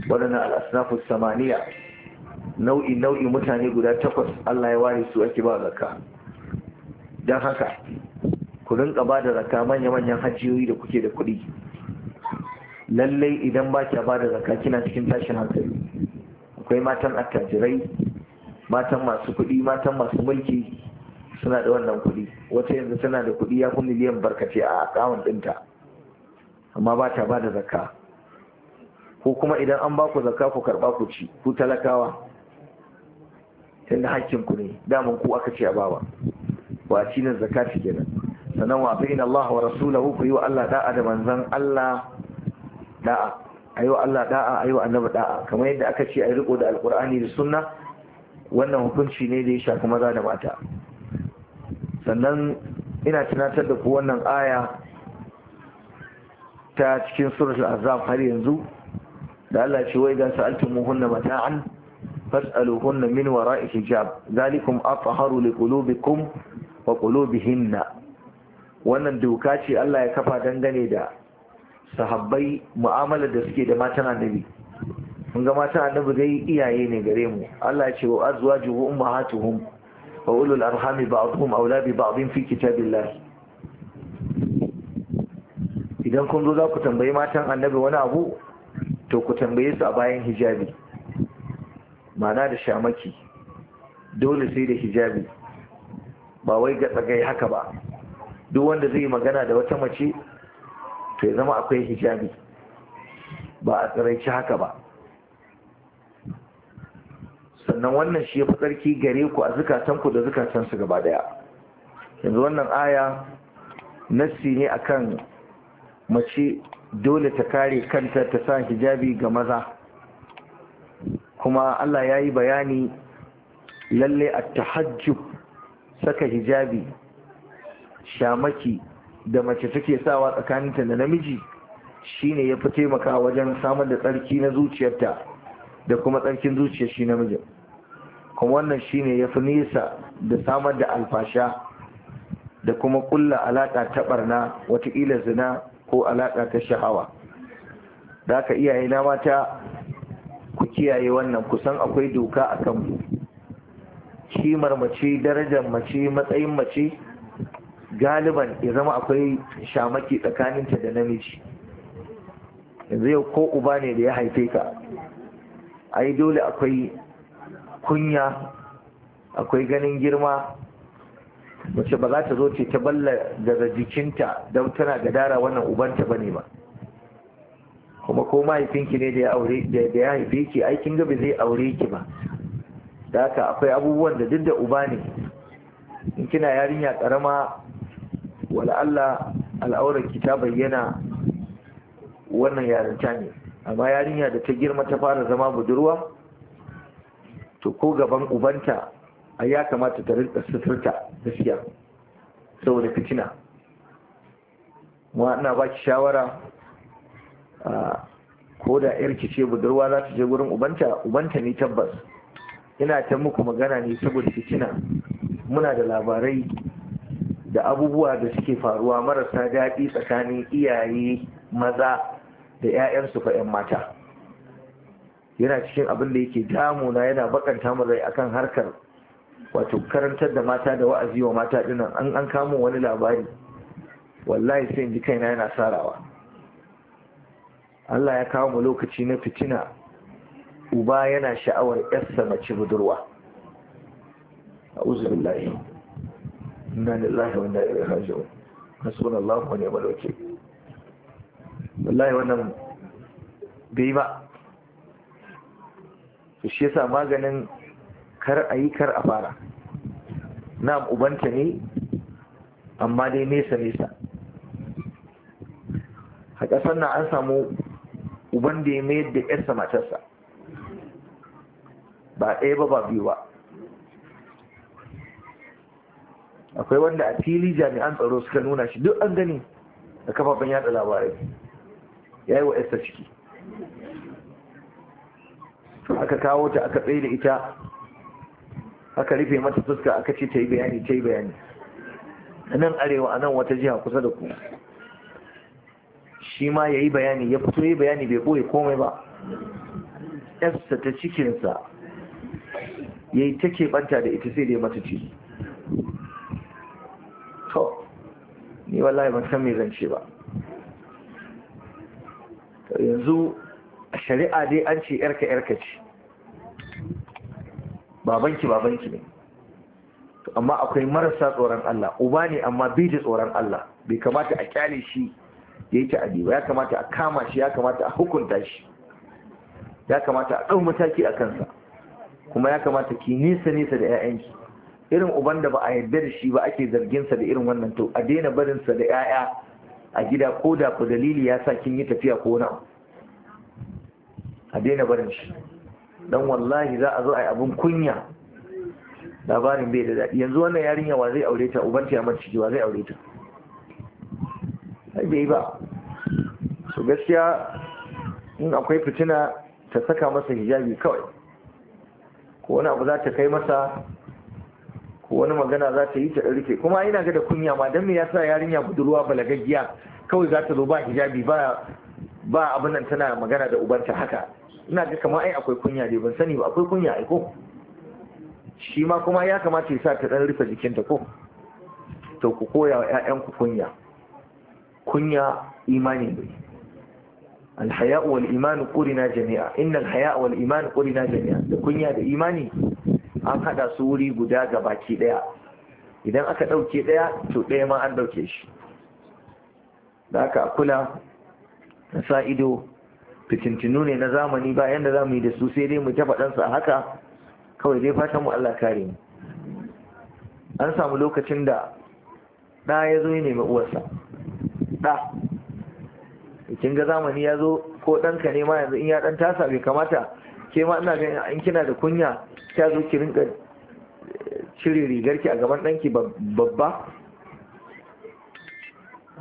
Speaker 1: ولنا الأصناف الثمانية nau'i nau'i mutane guda takwas Allah ya ware su ake ba zakka don haka ku rinka ba da zakka manya-manyan hajiyoyi da kuke da kuɗi lallai idan ba kya ba da zakka kina cikin tashin hankali akwai matan attajirai matan masu kuɗi matan masu mulki suna da wannan kuɗi wata yanzu tana da kuɗi ya fi miliyan barkace a akawun ɗinta amma ba ta ba da zakka ko kuma idan an ba ku zakka ku karɓa ku ci ku talakawa tunda hakkin ku ne daman ku aka ce a bawa wa cinin zakka ci kenan sannan wa fi ina Allah wa rasulahu ku yi wa Allah da'a da manzan Allah da'a ayo Allah da'a ayo annabi da'a kamar yadda aka ce ayi riko da alqur'ani da sunna wannan hukunci ne da ya shafi maza da mata sannan ina tunatar da ku wannan aya ta cikin al azab har yanzu da Allah ce wai ga sa'altumuhunna mata'an fas'aluhunna min wara'i hijab zalikum athaharu liqulubikum wa qulubihinna wannan doka ce Allah ya kafa dangane da sahabbai mu'amala da suke da matan annabi mun ga mata annabi dai iyaye ne gare mu Allah ya ce wa azwajuhu ummahatuhum wa ulul arhami ba'dhum awla bi ba'dhin fi kitabillah idan kun zo za ku tambayi matan annabi wani abu to ku tambaye su a bayan hijabi ma'ana da shamaki dole sai da hijabi ba wai ga tsagai haka ba duk wanda zai magana da wata mace to ya zama akwai hijabi ba a tsiraici haka ba sannan wannan shi ya fi tsarki gare ku a zukatanku da zukatansu gaba daya yanzu wannan aya nassi ne akan mace dole ta kare kanta ta sa hijabi ga maza kuma Allah ya yi bayani lalle a tahajjub saka hijabi shamaki da mace take sawa tsakaninta da namiji shine ya fi taimaka wajen samun da tsarki na zuciyarta da kuma tsarkin zuciya shi namijin kuma wannan shi ne ya fi nisa da samar da alfasha da kuma kulla alaƙa ta ɓarna watakila zina ko alaƙa ta sha'awa da aka iyaye na mata ku kiyaye wannan kusan akwai doka a kan kimar mace darajar mace matsayin mace galiban ya zama akwai shamaki tsakaninta da namiji yanzu yau ko uba ne da ya haife ka ai dole akwai kunya akwai ganin girma mace ba za ta zo ce ta balla daga jikinta don tana gadara wannan ubanta ba ne ba kuma ko mahaifinki ne da ya haife ki aikin gabi zai aure ki ba da haka akwai abubuwan da duk da uba ne in kina yarinya karama wala'alla Allah al'aurar ki ta bayyana wannan yarinta ne amma yarinya da ta girma ta fara zama budurwa to ko gaban ubanta a ya kamata ta rinka suturta gaskiya saboda fitina ma ina baki shawara ko da yarki ce budurwa za ta je wurin ubanta ubanta ne tabbas ina ta muku magana ne saboda fitina muna da labarai da abubuwa da suke faruwa marasa daɗi tsakanin iyaye maza da 'ya'yansu fa 'yan mata yana cikin abin da yake damuna yana bakanta mu rai akan harkar wato karantar da mata da wa'azi wa mata dinnan an an kamo wani labari wallahi sai ji kaina yana sarawa Allah ya kawo mu lokaci na fitina uba yana sha'awar yarsa mace budurwa a'udhu billahi inna lillahi wa inna ilaihi raji'un hasbunallahu wa ni'mal wakeel wallahi wannan bai ba su shi yasa maganin kar a yi kar a fara na ubanta ne amma dai nesa nesa a ƙasar na an samu uban da ya mayar da yarsa matarsa ba ɗaya ba ba biyu ba akwai wanda a fili jami'an tsaro suka nuna shi duk an gani da kafafen yada labarai ya yi wa ciki aka kawo ta aka tsaye da ita aka rufe mata fuska aka ce ta yi bayani ta yi bayani a nan arewa a nan wata jiha kusa da ku shi ma ya yi bayani ya fito yi bayani bai ɓoye komai ba yarsa ta cikinsa ya yi ta keɓanta da ita sai da ya mata ciki ni wallahi ban san me zance ba yanzu shari'a dai an ce yarka yarka ce babanki babanki ne amma akwai marasa tsoron Allah uba ne amma bai da tsoron Allah bai kamata a kyale shi ya yi ta'adi ba ya kamata a kama shi ya kamata a hukunta shi ya kamata a ɗau mataki a kansa kuma ya kamata ki nesa nesa da 'ya'yanki irin uban da ba a yarda da shi ba ake zarginsa da irin wannan to a daina barinsa da 'ya'ya a gida ko da ku dalili ya sa kin yi tafiya ko wani abu a daina barin shi dan wallahi za a zo a yi abun kunya labarin bai da daɗi yanzu wannan yarinya wa zai aure ta uban ta ciki wa zai aure ta ai bai ba Su gaskiya in akwai fitina ta saka masa hijabi kawai ko wani abu za ta kai masa ko wani magana za ta yi ta rufe kuma ina ga da kunya ma dan me yasa yarinya budurwa balagaggiya kawai za ta zo ba hijabi ba ba abin nan tana magana da ubanta haka ina ji kama ai akwai kunya dai ban sani ba akwai kunya ai ko shi ma kuma ya kamata ya sa ta dan rufe jikinta ko to ku koya wa ƴaƴanku kunya kunya imani ne الحياء والإيمان Jami'a. جميعا إن الحياء والإيمان قرنا Jami'a da kunya da imani an hada su wuri guda gabaki daya idan aka dauke daya to daya ma an dauke shi da aka kula na sa fitintinu ne na zamani ba yadda za mu yi da su sai dai mu ta faɗansa haka kawai dai fatan mu Allah kare mu an samu lokacin da ɗa ya zo ya nemi uwarsa ɗa kin ga zamani ya zo ko ɗanka ne ma yanzu in ya ɗan tasa bai kamata ke ma ina ganin in kina da kunya ta zo ki rinka eh, cire rigarki a gaban ɗanki babba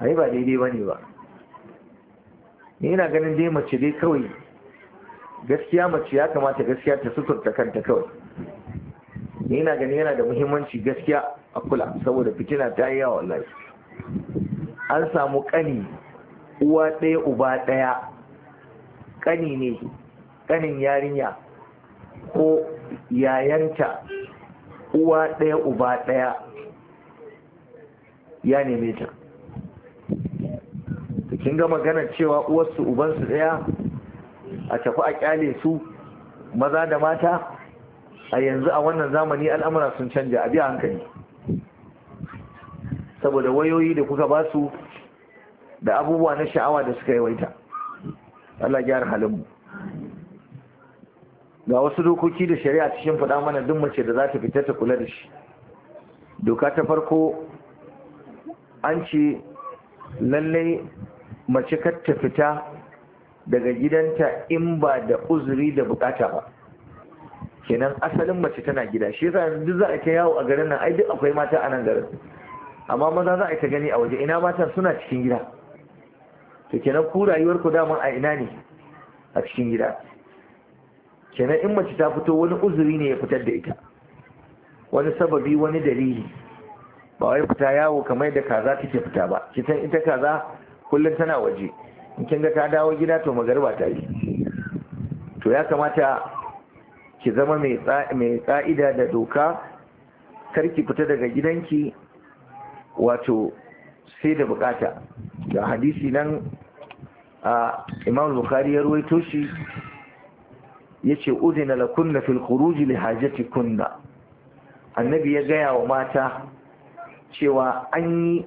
Speaker 1: ai ba daidai ba ne ba ni yana ganin dai mace dai kawai gaskiya mace ya kamata gaskiya ta suturta kanta kawai ni ina ganin yana da muhimmanci gaskiya a kula saboda fitina ta yi yawa wallahi an samu kani uwa ɗaya uba ɗaya kani ne kanin yarinya ko yayanta uwa ɗaya uba ɗaya ya neme ta kin ga magana cewa uwarsu ubansu daya, a tafi a kyale su maza da mata a yanzu a wannan zamani al'amura sun canja a biya hankali saboda wayoyi da kuka basu da abubuwa na sha'awa da suka yawaita Allah gyara halinmu ga wasu dokoki da shari'a cikin faɗa mana duk mace da za ta fita ta kula da shi doka ta farko an ce lallai mace kar ta fita daga gidanta in ba da uzuri da bukata ba kenan asalin mace tana gida shi yasa duk za a ta yawo a garin nan ai duk akwai mata a nan garin amma maza za a ta gani a waje ina matan suna cikin gida to kenan ku rayuwar ku daman a ina ne a cikin gida kenan in mace ta fito wani uzuri ne ya fitar da ita wani sababi wani dalili ba wai fita yawo kamar da kaza take fita ba kitan ita kaza kullum tana waje in kin ga ta dawo gida to maGarba ta yi to ya kamata ki zama mai ka'ida da doka Kar ki fita daga gidanki wato sai da bukata ga hadisi nan a imam bukhari ya ruwaito shi yace udina lakunna fil khuruj li hajatikunna kunna annabi ya gaya wa mata cewa an yi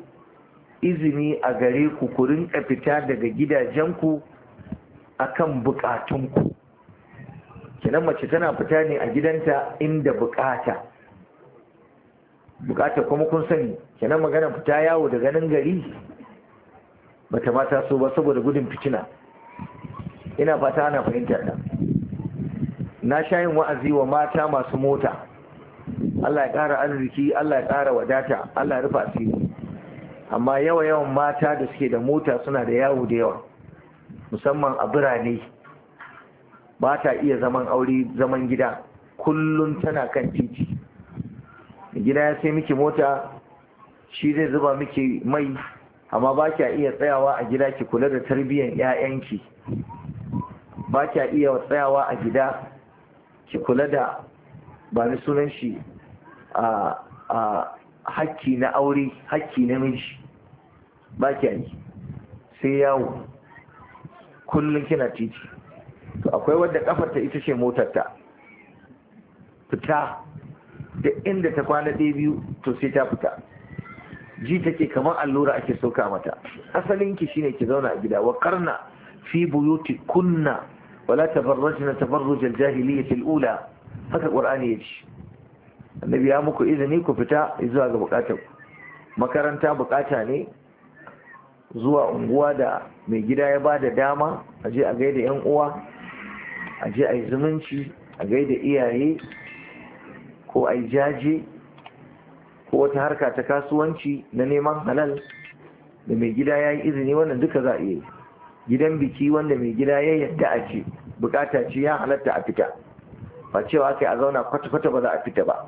Speaker 1: izini a gare ku ku rinka fita daga gidajenku kan bukatunku kenan mace tana fita ne a gidanta inda bukata bukata kuma kun sani kenan magana fita yawo da ganin gari bata ta so ba saboda gudun fitina ina fata ana fahimtar ta na sha yin wa'azi wa mata masu mota Allah ya ƙara arziki Allah ya ƙara wadata Allah ya rufa asiri amma yawa yawan mata da suke da mota suna da yawo da yawa musamman a birane ba ta iya zaman aure zaman gida kullum tana kan titi gida ya sai miki mota shi zai zuba miki mai amma ba kya iya tsayawa a gida ki kula da tarbiyyar 'ya'yanki ba kya iya tsayawa a gida ki kula da ba ni sunan shi a hakki na aure hakki na miji ba ki yi sai yawo kullum kina titi to akwai wadda kafar ta ita ce motarta. fita da inda ta kwana ɗaya biyu to sai ta fita ji take kamar allura ake sauka mata asalin ki shine ki zauna a gida wa karna fi buyuti kunna wala tabarrajna tabarruj al-jahiliyyah al-ula haka ya ci. annabi ya muku izini ku fita zuwa ga bukatar makaranta bukata ne zuwa unguwa da mai gida ya ba da dama a je a gaida yan uwa a je a yi zumunci a gaida iyaye ko a yi jaje ko wata harka ta kasuwanci na neman halal da mai gida ya yi izini wannan duka za a yi gidan biki wanda mai gida ya yadda a ce bukata ce ya halatta a fita ba cewa kai a zauna kwata-kwata ba za a fita ba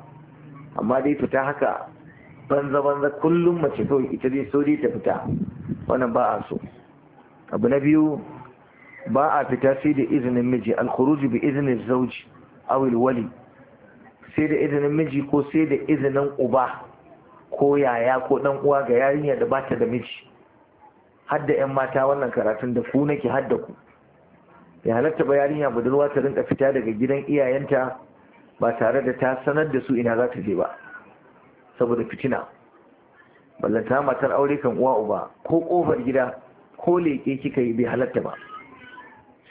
Speaker 1: amma dai fita haka banza-banza kullum mace kawai ita dai so dai ta fita wannan ba a so abu na biyu ba a fita sai da izinin miji alkhuruji bi izinin zauji awil wali sai da izinin miji ko sai da izinin uba ko yaya ko dan uwa ga yarinya da bata da miji hadda yan mata wannan karatun da ku nake hadda ku ya halatta ba yarinya budurwa ta rinka fita daga gidan iyayenta ba tare da ta sanar da su ina za ta je ba saboda fitina ballanta matar aure kan uwa uba ko kofar gida ko leƙe kika yi bai halatta ba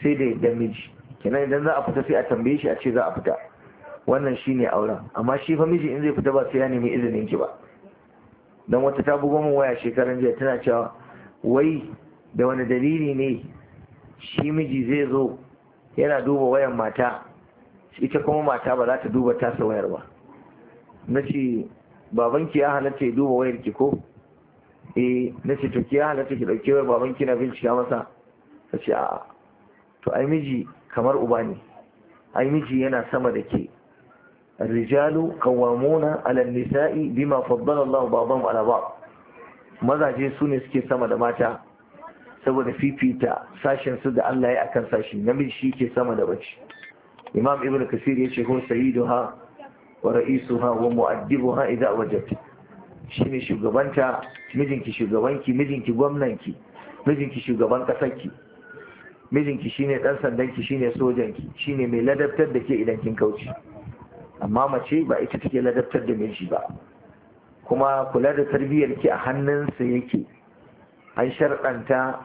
Speaker 1: sai da yadda miji kenan idan za a fita sai a tambaye shi a ce za a fita wannan shine auren amma shi fa miji in zai fita ba sai ya nemi izinin ki ba dan wata ta bugo min waya shekaran jiya tana cewa wai da wani dalili ne shi miji zai zo yana duba wayan mata ita kuma mata ba za ta duba tasa wayar ba na ce babanki ya halatta ya duba wayar ki ko eh na ce to ki ya halatta ki dauke wayar babanki na bincika masa ta ce a'a to ai miji kamar uba ne ai miji yana sama da ke Rijalu, قوامون ala nisa'i bima faddala الله بعضهم ala ba'd mazaje su ne suke sama da mata saboda fifita sashen su da Allah ya akan sashi namiji shi ke sama da bace imam ibnu kasir ya ce ko sayyiduha wa ra'isuha wa mu'addibuha idza wajadta shine shugabanta mijinki shugabanki mijinki gwamnanki mijinki shugaban kasarki mijinki shine dan sandanki shine sojanki shine mai ladabtar da ke idan kin kauce amma mace ba ita take ladabtar da miji ba kuma kula da tarbiyyar ki a hannunsa yake an sharɗanta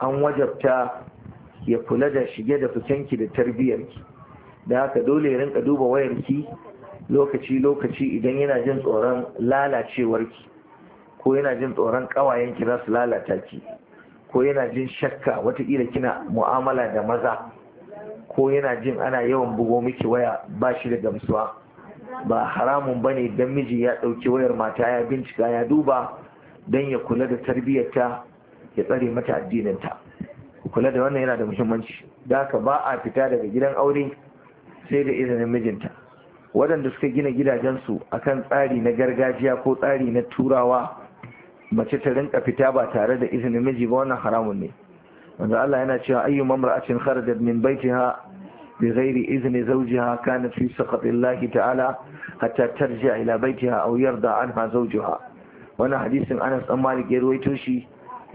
Speaker 1: an wajabta ya kula da shige da ficenki da tarbiyyar ki. da haka dole ya rinka duba wayarki lokaci-lokaci idan yana jin tsoron lalacewar ki, ko yana jin tsoron ƙawayenki za su lalata ki ko yana jin shakka wata watakila kina mu'amala da maza ko yana jin ana yawan bugo miki waya ba shi da gamsuwa ba haramun ba ne don miji ya ɗauki wayar mata ya bincika ya duba don ya kula da tarbiyyarta ya tsare mata addininta kula da wannan yana da muhimmanci da haka ba a fita daga gidan aure sai da izinin mijinta waɗanda suka gina gidajensu akan tsari na gargajiya ko tsari na turawa mace ta rinka fita ba tare da izinin miji ba wannan haramun ne wanda Allah yana cewa ayyu mamra'atin kharajat min baitiha bi ghairi izni zawjiha kana fi saqatillahi ta'ala hatta tarji'a ila baitiha aw yarda anha zawjuha wannan hadisin Anas dan Malik ya ruwaito shi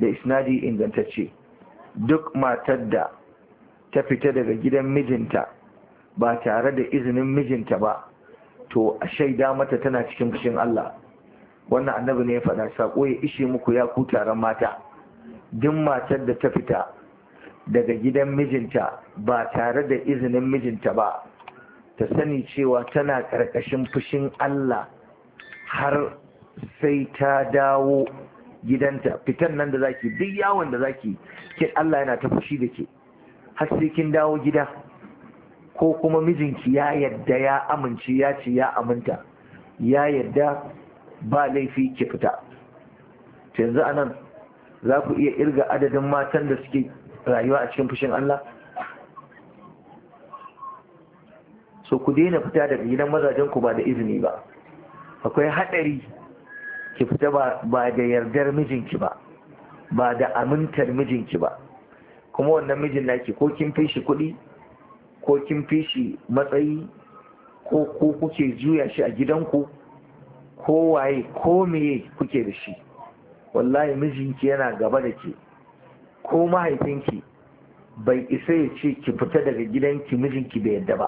Speaker 1: da isnadi ingantacce duk matar da ta fita daga gidan mijinta ba tare da izinin mijinta ba to a shaida mata tana cikin fushin Allah wannan annabi ne ya faɗa sako ya ishe muku ya ku taron mata duk matar da ta fita daga gidan mijinta ba tare da izinin mijinta ba ta sani cewa tana ƙarƙashin fushin Allah har sai ta dawo gidanta fitan nan da zaki duk yawon da zaki ke Allah yana ta fushi da ke har sai kin dawo gida ko kuma mijinki ya yadda ya amince ya ce ya aminta ya yadda ba laifi ki fita yanzu anan za ku iya irga adadin matan da suke rayuwa a cikin fushin Allah so ku daina fita daga gidan mazajenku ba da izini ba akwai haɗari ki fita ba da yardar mijinki ba ba da amintar mijinki ba kuma wannan mijin naki ko kin fi shi kuɗi ko kin fi shi matsayi ko ko kuke juya shi a gidanku ko waye ko meye kuke da shi wallahi mijinki yana gaba da ke ko mahaifinki bai isa ya ce ki fita daga gidanki mijinki bai yadda ba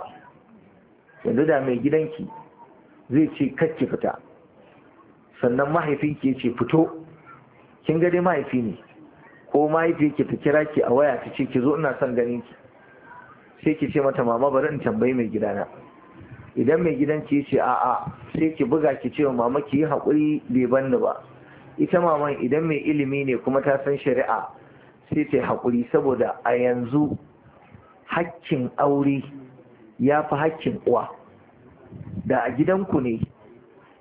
Speaker 1: yanzu da mai gidanki zai ce ki fita sannan mahaifinki ya ce fito kin ga dai mahaifi ne ko mahaifi ki ta kira ki a waya ta ce ki zo ina son ganin ki sai ki ce mata mama bari in tambayi mai gidana idan mai gidan ki ce a'a sai ki buga ki ce mama ki yi haƙuri bai banni ba ita maman idan mai ilimi ne kuma ta san shari'a sai ta haƙuri saboda a yanzu hakkin aure ya fi hakkin uwa da a gidanku ne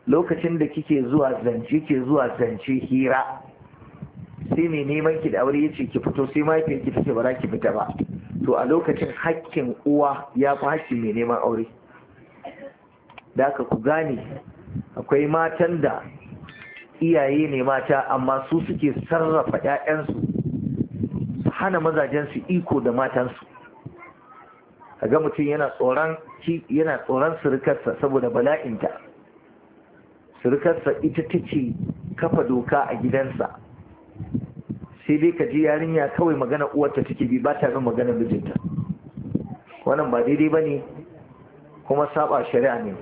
Speaker 1: lokacin da kike zuwa zance ke zuwa zance hira sai mai neman ki da aure ya ce ki fito sai mahaifiyarki ta ce ba za ki fita ba to a lokacin hakkin uwa ya fi hakkin mai neman aure da aka ku gane akwai matan da iyaye ne mata amma su suke sarrafa 'ya'yansu su hana mazajensu iko da matansu A ga mutum yana tsoron yana tsoron surukarsa saboda bala'inta surukarsa ita take kafa doka a gidansa sai dai ka ji yarinya kawai magana uwarta take bi ba ta bin magana mijinta wannan ba daidai ba ne kuma saba shari'a ne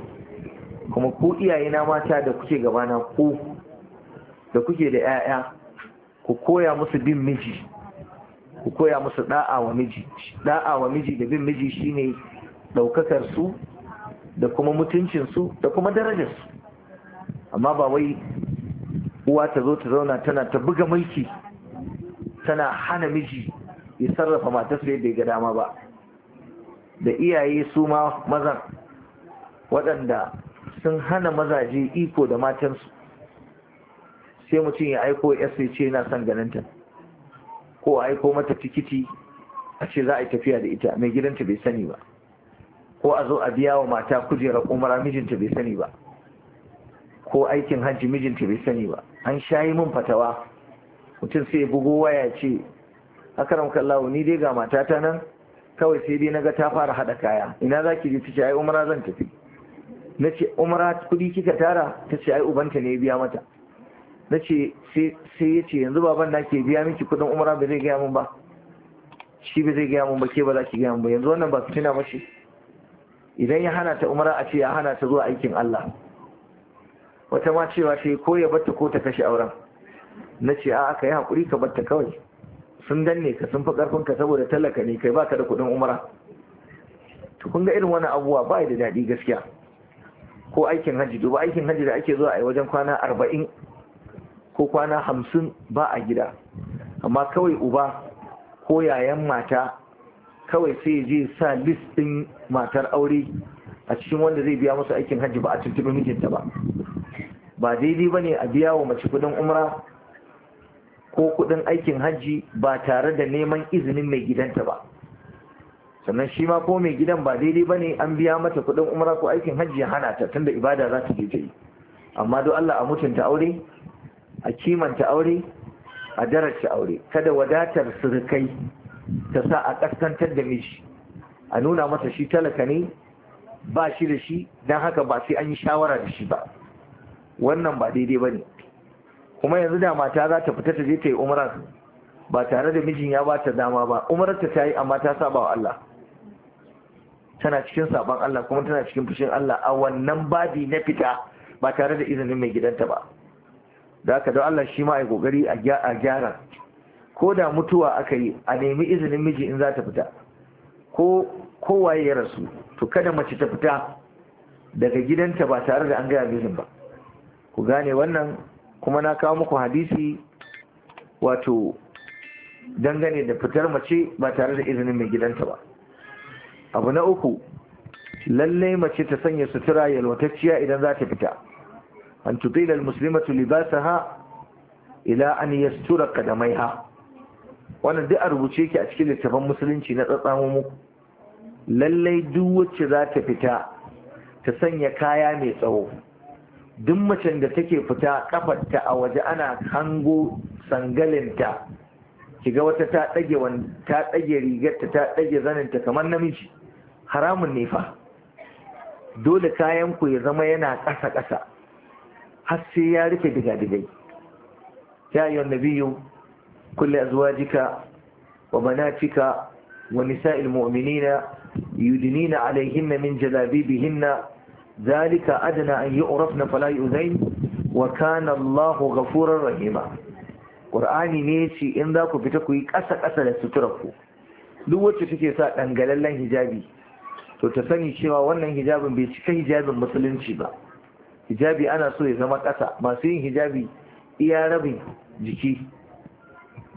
Speaker 1: kuma ku iyaye na mata da kuke gabana ku da kuke da 'ya'ya ku koya musu bin miji ku koya musu da'a wa miji da'a wa miji da bin miji shine daukakar su da kuma mutuncin su da kuma darajar su amma ba wai uwa ta zo ta zauna tana ta buga mulki tana hana miji ya sarrafa matarsa yadda ya ga dama ba da iyaye su ma mazan waɗanda sun hana mazaje iko da matansu sai mutum ya aiko ya ce yana son ganinta ko aiko mata tikiti a ce za a yi tafiya da ita mai gidanta bai sani ba ko a zo a biya wa mata kujerar umara mijinta bai sani ba ko aikin hajji mijinta bai sani ba an shayi mun fatawa mutum sai ya bugo waya ce akaram kallahu ni dai ga matata nan kawai sai dai naga ta fara hada kaya ina za ki je ce ai umra zan tafi Na ce umra kudi kika tara Ta ce ai ubanta ne ya biya mata ce sai sai yace yanzu baban na ke biya miki kudin umra ba zai gaya mun ba shi ba zai gaya mun ba ke ba za ki gaya mun ba yanzu wannan ba su ba shi idan ya hana ta umra a ce ya hana ta zuwa aikin Allah wata ma cewa ce ko ya batta ko ta kashe auren na ce a aka yi haƙuri ka batta kawai sun danne ka sun fi ka saboda talaka ne kai baka da kuɗin umara to kun ga irin wani abubuwa ba da daɗi gaskiya ko aikin hajji duba aikin hajji da ake zuwa a wajen kwana arba'in ko kwana hamsin ba a gida amma kawai uba ko yayan mata kawai sai je sa list ɗin matar aure a cikin wanda zai biya musu aikin hajji ba a tuntuɓi mijinta ba ba daidai ba ne a biya wa mace kuɗin umra ko kudin aikin hajji ba tare da neman izinin mai gidanta ba sannan shi ma ko mai gidan ba daidai ba ne an biya mata kudin umra ko aikin hajji ya hana ta tunda ibada za ta je ta yi amma don Allah a mutunta aure a kimanta aure a darasha aure kada wadatar surukai ta sa a kaskantar da mishi a nuna masa shi talaka ne ba shi da shi don haka ba sai an yi shawara da shi ba wannan ba daidai ba ne kuma yanzu da mata za ta fita ta je ta yi umrar ba tare da mijin ya ba ta dama ba umarar ta yi amma ta saba wa Allah tana cikin saban Allah kuma tana cikin fushin Allah a wannan babi na fita ba tare da izinin mai gidanta ba da haka don Allah shi ma a kokari a gyara ko da mutuwa aka yi a nemi izinin miji in za ta fita ko kowaye ya rasu to kada mace ta fita daga gidanta ba tare da an gaya mijin ba ku gane wannan kuma na kawo muku hadisi wato dangane da fitar mace ba tare da izinin mai gidanta ba abu na uku lallai mace ta sanya sutura yalwatacciya idan za ta fita an musulmatu libasa ha. ila an yastura ha wannan duk a rubuce yake a cikin littafin musulunci na tsatsamo muku lallai duk wacce za ta fita ta sanya kaya mai tsawo duk macen da take fita kafarta a waje ana hango sangalinta kiga wata ta ɗage ta ɗage rigarta ta ɗage zaninta kamar namiji haramun ne fa dole kayan ku ya zama yana ƙasa ƙasa har sai ya rufe diga-digai ya yi Nabiyu, biyu kulle azwajika wa banatika wa nisa'il mu'minina yudinina alaihinna min jalabibihinna zalika adana an yi fala na wa kana Allahu ghafurur rahima Qur'ani ne ce in za ku fita ku yi ƙasa ƙasa da suturar ku duk wacce take sa dangalallen hijabi to ta sani cewa wannan hijabin bai cika hijabin musulunci ba hijabi ana so ya zama ƙasa masu yin hijabi iya rabin jiki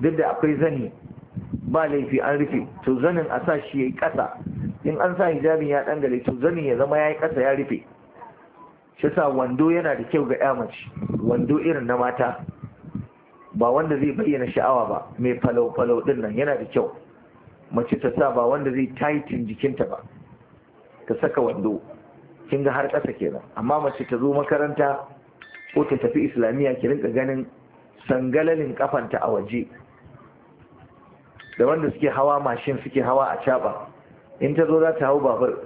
Speaker 1: duk da akwai zani ba laifi an rufe to zanin a sa shi ya yi ƙasa in an sa hijabin ya dangale to zanin ya zama yayi kasa ya rufe shi sa wando yana da kyau ga yamaci wando irin na mata ba wanda zai bayyana sha'awa ba mai falau falau din nan yana da kyau mace ta sa ba wanda zai taitin jikinta ba ta saka wando kin ga har ƙasa kenan amma mace ta zo makaranta ko ta tafi islamiyya ki rinka ganin sangalalin kafanta a waje da wanda suke hawa mashin suke hawa a caba in ta zo za ta hau babur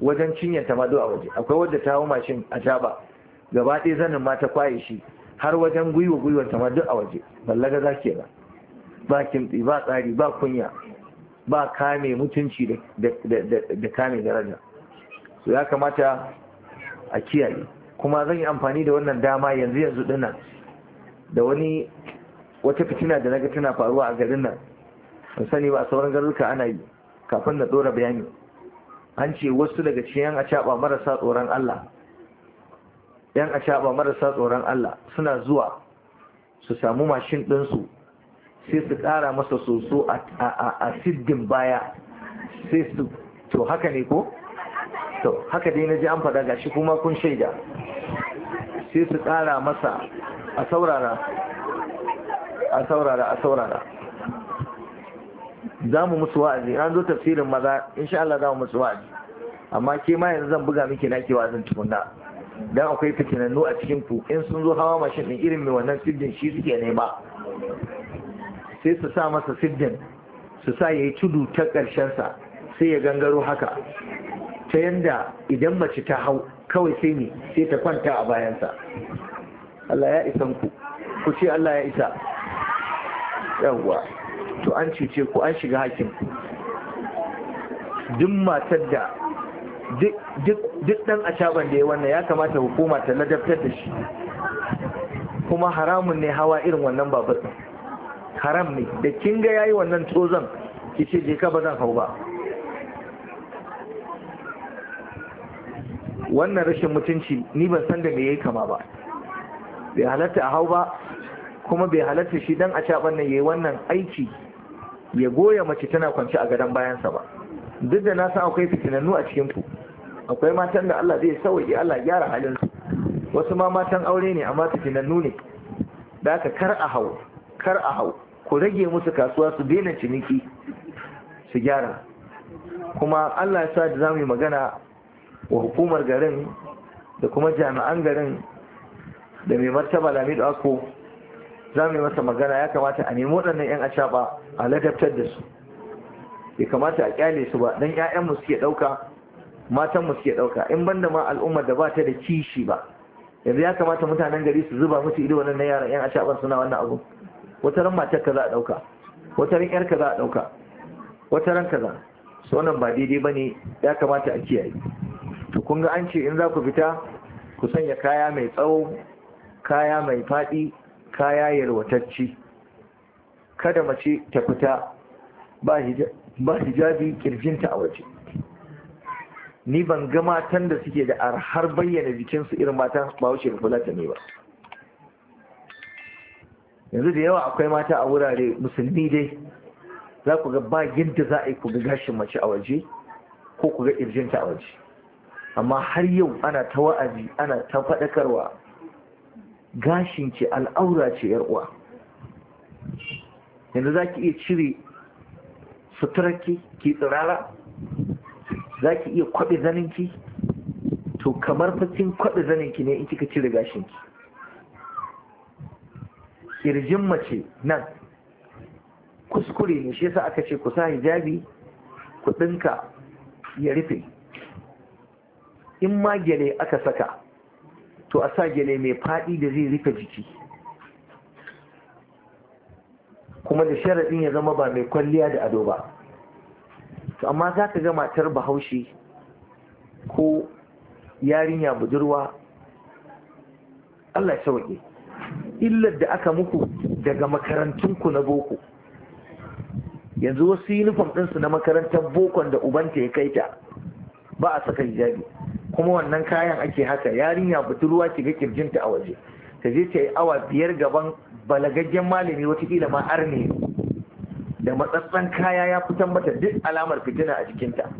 Speaker 1: wajen cinyar ta a waje akwai wadda ta hau mashin a jaba gaba ɗaya zanin ma ta kwaye shi har wajen gwiwa gwiwar ta mado a waje ballaga za ke ba ba kimtsi ba tsari ba kunya ba kame mutunci da kame daraja so ya kamata a kiyaye kuma zan yi amfani da wannan dama yanzu yanzu dinnan da wani wata fitina da na ga tana faruwa a garin nan sani ba a sauran garuruka ana yi kafin na ɗora bayani an ce wasu daga cikin acaɓa marasa tsoron Allah yan acaɓa marasa tsoron Allah suna zuwa su samu mashin ɗinsu sai su ƙara masa soso a siddin baya sai su to haka ne ko? to haka dai na ji an faɗa gashi kuma kun shaida sai su ƙara masa a saurara a saurara a saurara za mu musu wa'azi an zo tafsirin maza insha Allah za mu musu wa'azi amma ke ma yanzu zan buga miki nake wa'azin tukunna dan akwai fitinannu a cikin ku in sun zo hawa mashin din irin mai wannan siddin shi suke nema sai su sa masa siddin su sa yayi tudu ta karshen sa sai ya gangaro haka ta yanda idan mace ta hau kawai sai ne sai ta kwanta a bayansa Allah ya isan ku ku ce Allah ya isa yawwa to an cuce ku an shiga hakin duk matar da duk dan acaban da ya wannan ya kamata hukuma ta ladabtar da shi kuma haramun ne hawa irin wannan babur haram ne da kin ga yayi wannan tsozon ki ce je ka ba zan hau ba wannan rashin mutunci ni ban san da me yayi kama ba bai halatta a hau ba kuma bai halarta shi dan a caban nan yayi wannan aiki ya goya mace tana kwance a gadon bayansa ba duk da na san akwai fitinannu a cikin ku akwai matan da Allah zai sauke Allah gyara halin su wasu ma matan aure ne amma fitinannu ne da ka kar a hau kar a hau ku rage musu kasuwa su daina ciniki su gyara kuma Allah ya sa da zamu yi magana wa hukumar garin da kuma jami'an garin da mai martaba Lamido Ako za mu yi masa magana ya kamata a nemi waɗannan 'yan ashaba a ladabtar da su ya kamata a kyale su ba don 'ya'yanmu suke ɗauka matanmu suke ɗauka in banda ma al'ummar da ba ta da kishi ba yanzu ya kamata mutanen gari su zuba musu ido wannan na yaran 'yan ashaban suna wannan abu wata ran matar ka za a ɗauka wata ran 'yar ka za a ɗauka wata ran kaza su wannan ba daidai ba ne ya kamata a kiyaye to kun ga an ce in za ku fita ku sanya kaya mai tsawo kaya mai faɗi kaya yalwatacci kada mace ta fita ba hijabi kirjinta a waje ni ban ga matan da suke da arhar bayyana jikinsu irin matan wuce da fulata ne ba yanzu da yawa akwai mata a wurare musulmi dai za ku ga ba yadda za a yi ku ga gashin mace a waje ko ku ga kirjinta a waje amma har yau ana ta wa'azi ana ta faɗakarwa gashin ki al'aura ce yar uwa yanzu za ki iya cire suturarki ki tsirara za ki iya kwaɓe zaninki to kamar fakin kwaɓe zaninki ne in kika cire gashinki kirjin mace nan kuskure ne shi yasa aka ce ku sa hijabi ku ɗinka ya rufe in ma gele aka saka to a sa gele mai faɗi da zai rika jiki kuma da sharaɗin ya zama ba mai kwalliya da ado ba to amma za ka ga matar bahaushe ko yarinya budurwa Allah sauke illar da aka muku daga makarantunku na boko yanzu wasu yunifom ɗinsu na makarantar bokon da ubanta ya kai ta ba a saka hijabi kuma wannan kayan ake haka yarinya ruwa ki ga kirjinta a waje ta je ta yi awa biyar gaban balagaggen malami watakila ma arne da matsatsan kaya ya fitan mata duk alamar fitina a jikinta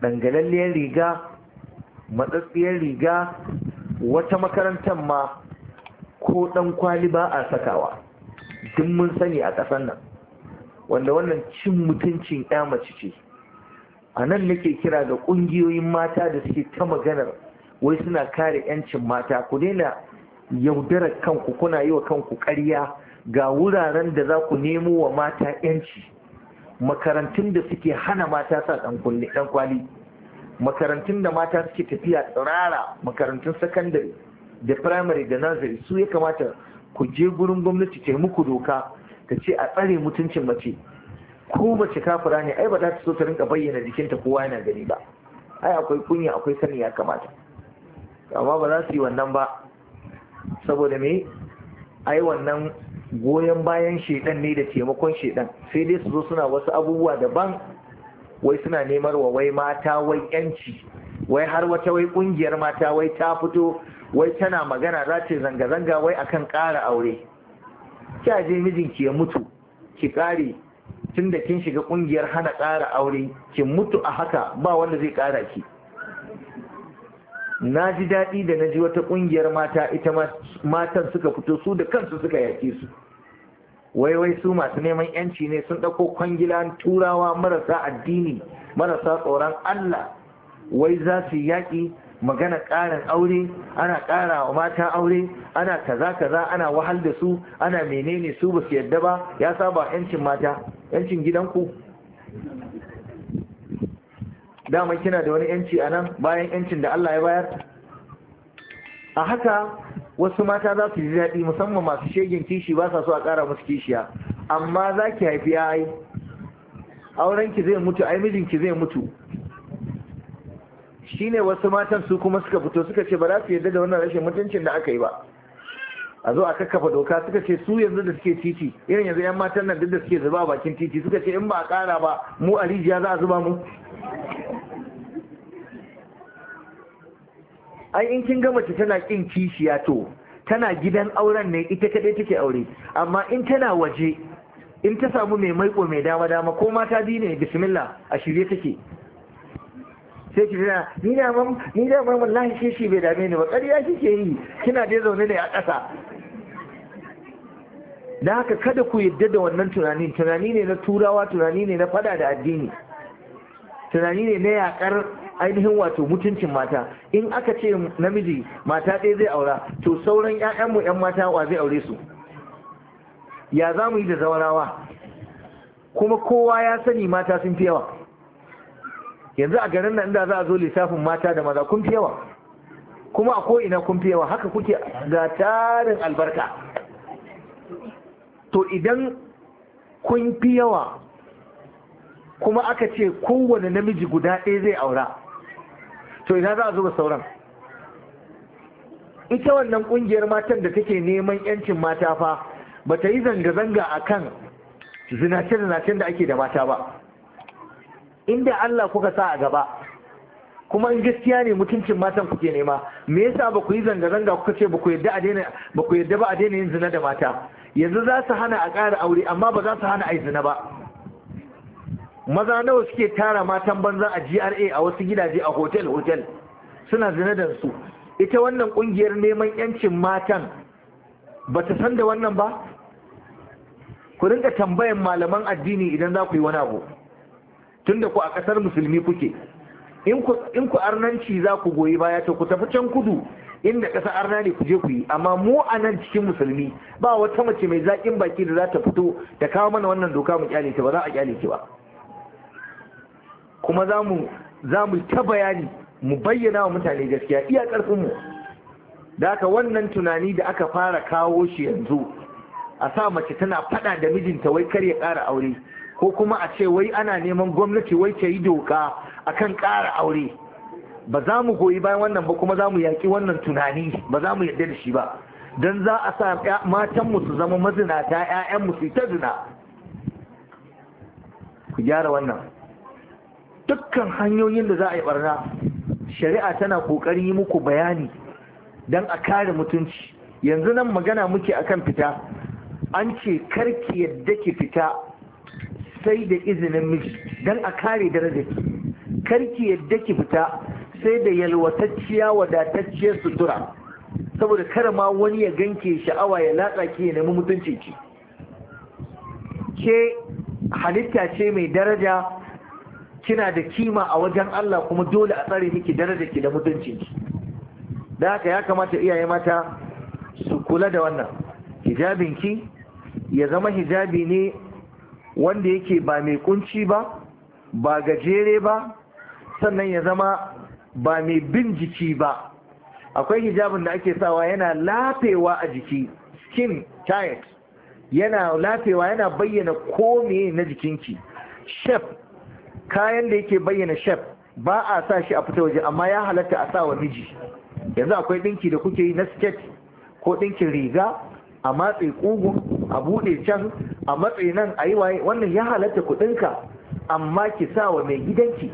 Speaker 1: dangalalliyar riga matsatsiyar riga wata makarantar ma ko ɗan kwali ba a sakawa duk mun sani a ƙasar nan wanda wannan cin mutuncin ya mace ce a nan nake kira ga ƙungiyoyin mata da suke ta maganar wai suna kare 'yancin mata ku daina yaudarar kanku kuna yi wa kanku ƙarya ga wuraren da za ku nemo wa mata 'yanci makarantun da suke hana mata sa ɗan kwali makarantun da mata suke tafiya tsirara makarantun sakandare da firamare da nazari su ya kamata ku je gurin gwamnati ta muku doka ta ce a tsare mutuncin mace ko mace kafira ne ai ba za ta so ta rinka bayyana jikinta kowa yana gani ba ai akwai kunya akwai sani ya kamata amma ba za su yi wannan ba saboda me ai wannan goyon bayan shedan ne da taimakon shedan sai dai su zo suna wasu abubuwa daban wai suna nemar wa wai mata wai yanci wai har wata wai kungiyar mata wai ta fito wai tana magana za ta zanga-zanga wai akan kara aure kya je mijinki ya mutu ki ƙare tun da kin shiga kungiyar hana ƙara aure kin mutu a haka ba wanda zai ƙara ki na ji daɗi da na ji wata ƙungiyar mata ita matan suka fito su da kansu suka yaƙe su wai su masu neman yanci ne sun ɗauko kwangila turawa marasa addini marasa tsoron allah wai za su yaƙi magana ƙarin aure ana ƙara wa mata aure ana kaza kaza ana wahal da su ana menene su ba su yadda ba ya saba yancin mata yancin gidanku dama kina da wani yanci a nan bayan yancin da Allah ya bayar a haka wasu mata za su ji daɗi musamman masu shegin kishi ba sa so a ƙara musu kishiya amma za ki haifi ya ai aurenki zai mutu ai mijinki zai mutu shine wasu matan su kuma suka fito suka ce ba za su yarda da wannan rashin mutuncin da aka yi ba a zo a kakkafa doka suka ce su yanzu da suke titi irin yanzu yan matan nan duk da suke zuba bakin titi suka ce in ba a kara ba mu a rijiya za a zuba mu ai in kin ga mace tana kin kishiya to tana gidan auren ne ita kadai take aure amma in tana waje in ta samu mai maiko mai dama dama ko mata biyu ne bismillah a shirye take sai ki tana ni da mamman ni shi shi bai dame ni ba ƙarya kike yi kina dai zaune ne a ƙasa da haka kada ku yadda da wannan tunani tunani ne na turawa tunani ne na fada da addini tunani ne na yakar ainihin wato mutuncin mata in aka ce namiji mata ɗaya zai aura to sauran 'ya'yanmu 'yan mata wa zai aure su ya za mu yi da zaurawa kuma kowa ya sani mata sun fi yawa yanzu a garin nan da za a zo lissafin mata da maza kun fi yawa kuma a ko'ina kun fi yawa haka kuke ga tarin albarka to idan kun fi yawa kuma aka ce kowane namiji guda ɗaya zai aura to ina za a zo zuba sauran ita wannan ƙungiyar matan da take neman 'yancin mata fa ba ta yi zanga-zanga a kan zinace-zinacen da ake da mata ba inda Allah kuka sa a gaba kuma in gaskiya ne mutuncin matan kuke nema me yasa ba ku yi zanga-zanga kuka ce ba ku yadda ba a daina yin zina da mata yanzu za su hana a ƙara aure amma ba za su hana a zina ba maza nawa suke tara matan banza a GRA a wasu gidaje a hotel hotel suna zina da su ita wannan kungiyar neman yancin matan ba ta san da wannan ba ku rinka tambayan malaman addini idan za ku yi wani abu tunda ku a ƙasar musulmi kuke in ku arnanci za ku goyi baya to ku tafi can kudu inda ƙasa arna ne ku je ku yi amma mu a nan cikin musulmi ba wata mace mai zaƙin baki da za ta fito ta kawo mana wannan doka mu kyale ta ba za a kyale ta ba kuma za mu za mu ta bayani mu bayyana wa mutane gaskiya iya ƙarfin mu da haka wannan tunani da aka fara kawo shi yanzu a sa mace tana faɗa da mijinta wai kar ya ƙara aure ko kuma a ce wai ana neman gwamnati wai ta yi doka akan ƙara aure ba za mu goyi bayan wannan ba kuma za mu yaƙi wannan tunani ba za mu yadda da shi ba don za a sa matanmu su zama mazinata 'ya'yanmu su ta zina ku gyara wannan dukkan hanyoyin da za a yi barna shari'a tana ƙoƙarin yi muku bayani don a kare mutunci yanzu nan magana muke akan fita an ce karki yadda ki fita sai da izinin miji don a kare darajar karki yadda ki fita sai da yalwatacciya wadatacciyar sutura saboda kar ma wani ya ganke sha'awa ya latsa ke ya nemi mutunci ki ke halitta ce mai daraja kina da kima a wajen Allah kuma dole a tsare miki daraja ki da mutunci ki da haka ya kamata iyaye mata su kula da wannan hijabin ki ya zama hijabi ne wanda yake ba mai kunci ba ba gajere ba sannan ya zama ba mai bin jiki ba akwai hijabin da ake sawa yana lafewa a jiki skin tight yana lafewa yana bayyana kome na jikinki shef kayan da yake bayyana shef ba a sa shi a fita waje amma ya halatta a sawa miji yanzu akwai dinki da kuke yi na sket ko dinkin riga a matse kugu a bude can a matse nan a yi waye wannan ya halatta ku amma ki sawa mai gidanki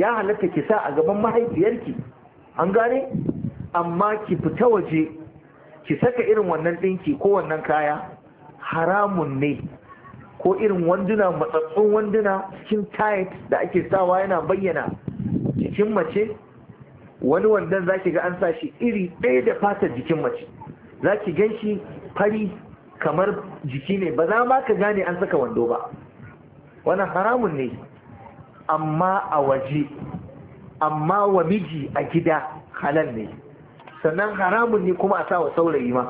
Speaker 1: ya halatta ki sa a gaban mahaifiyarki an gane amma ki fita waje ki saka irin wannan ɗinki ko wannan kaya haramun ne ko irin wanduna matsatsun wanduna cikin tight da ake sawa yana bayyana jikin mace wani wandan za ki ga an sa shi iri ɗaya da fatar jikin mace za ki gan shi fari kamar jiki ne ba za ma ka gane an saka wando ba wannan haramun ne amma a waje amma wa miji a gida halal ne sannan haramun ne kuma a sa wa saurayi ma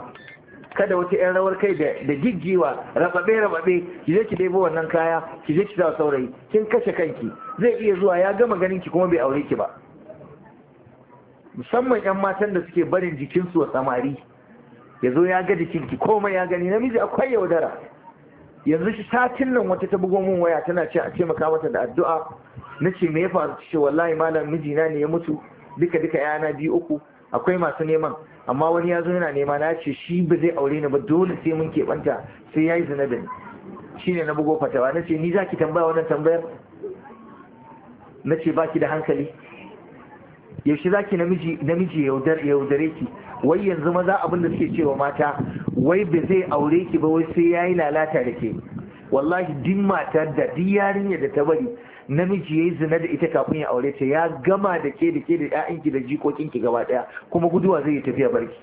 Speaker 1: kada wata yan rawar kai da giggiwa rababe rababe ki je ki debo wannan kaya ki je ki sa saurayi kin kashe kanki zai iya zuwa ya gama ganin ki kuma bai aure ki ba musamman yan matan da suke barin jikinsu wa samari ya zo ya ga jikinki komai ya gani namiji akwai yaudara yanzu shi satin nan wata ta bugo min waya tana ce a taimaka mata da addu'a na ce me ya faru ce wallahi malam mijina ne ya mutu duka duka yana biyu uku akwai masu neman amma wani ya zo yana nema na ce shi ba zai aure ni ba dole sai mun keɓanta sai ya yi zinabin. shine na bugo fatawa na ce ni za ki tambaya wannan tambayar na ce baki da hankali yaushe za ki namiji yaudare ki wai yanzu maza abin da suke cewa mata wai ba zai aure ki ba wai sai yayi lalata da ke wallahi din mata da di yarinya da ta bari namiji yayi zina da ita kafin ya aure ta ya gama da ke da ke da ki da jikokinki gaba ɗaya kuma guduwa zai yi tafiya barki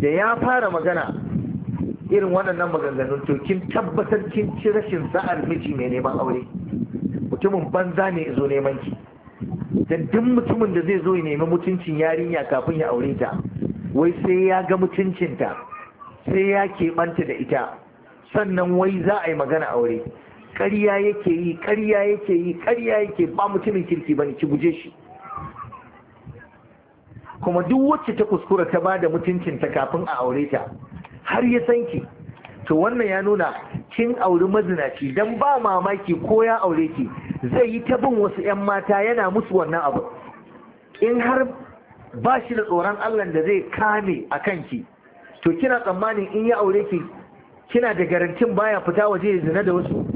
Speaker 1: da ya fara magana irin waɗannan maganganun to kin tabbatar kin ci rashin sa'ar miji mai neman aure mutumin banza ne zo neman ki da duk mutumin da zai zo ya nemi mutuncin yarinya kafin ya aure ta wai sai ya ga mutuncinta sai ya keɓanta da ita sannan wai za a yi magana aure ƙarya yake yi ƙarya yake yi ƙarya yake ba mutumin kirki ba ki guje shi kuma duk wacce ta kuskura ta bada mutuncinta kafin a aure ta har ya san ki to wannan ya nuna kin auri mazinaci don ba mamaki ko ya aure ki zai yi ta bin wasu 'yan mata yana musu wannan abu in har ba shi da tsoron Allah da zai kame a kanki to kina tsammanin in ya aure ki kina da garantin baya fita waje ya zina da wasu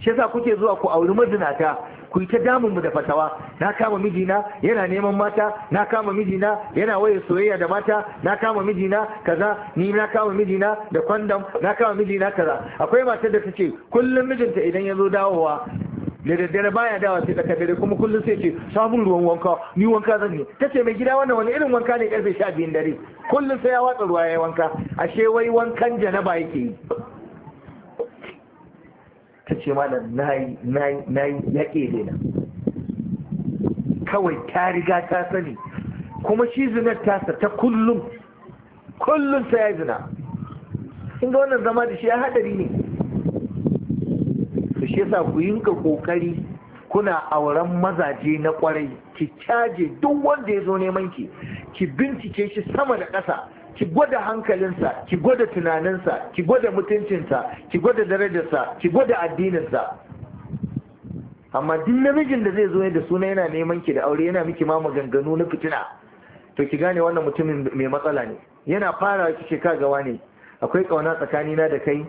Speaker 1: shi yasa kuke zuwa ku auri mazinata ku yi ta damun mu da fatawa na kama mijina yana neman mata na kama mijina yana waye soyayya da mata na kama mijina kaza ni na kama mijina da kwandam na kama mijina kaza akwai matar da take kullum mijinta idan ya zo dawowa da daddare baya dawa sai tsakar dare kuma kullum sai ce samun ruwan wanka ni wanka zan yi ta ce mai gida wannan wani irin wanka ne karfe sha biyun dare kullum sai ya watsa ruwa ya wanka ashe wai wankan janaba yake yi ta ce mana na yi ya ƙere na kawai ta riga ta sani kuma shi zinar tasa ta kullum kullum ta ya zina inda wannan zama da shi ya hadari ne su shi yasa ku yinka kokari kuna auren mazaje na kwarai ki caje duk wanda ya zo neman ki ki bincike shi sama da ƙasa ki gwada hankalinsa ki gwada tunaninsa ki gwada mutuncinsa ki gwada darajarsa ki gwada addininsa amma duk namijin da zai zo da suna yana neman ki da aure yana miki ma maganganu na fitina to ki gane wannan mutumin mai matsala ne yana fara ki ce ka gawa ne akwai kauna na da kai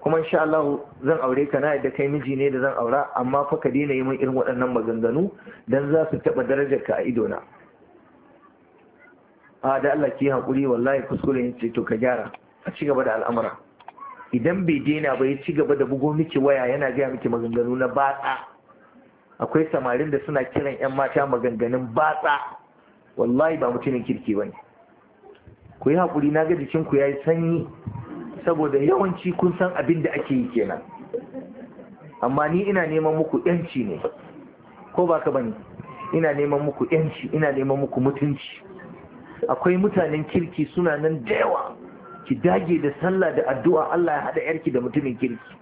Speaker 1: kuma insha Allah zan aure ka na da kai miji ne da zan aura amma fa ka daina yi min irin waɗannan maganganu dan za su taɓa darajar ka a idona a da Allah ki hakuri wallahi kuskure ya ce to ka gyara a ci gaba da al'amura idan bai daina ba ya ci gaba da bugo miki waya yana gaya miki maganganu na batsa akwai samarin da suna kiran 'yan mata maganganun batsa wallahi ba mutumin kirki ba ne ku yi haƙuri na ga jikinku ya yi sanyi saboda yawanci kun san abin da ake yi kenan amma ni ina neman muku 'yanci ne ko ba ka bane ina neman muku 'yanci ina neman muku mutunci akwai mutanen kirki suna nan da yawa ki dage da sallah da addu'a Allah ya hada yarki da mutumin kirki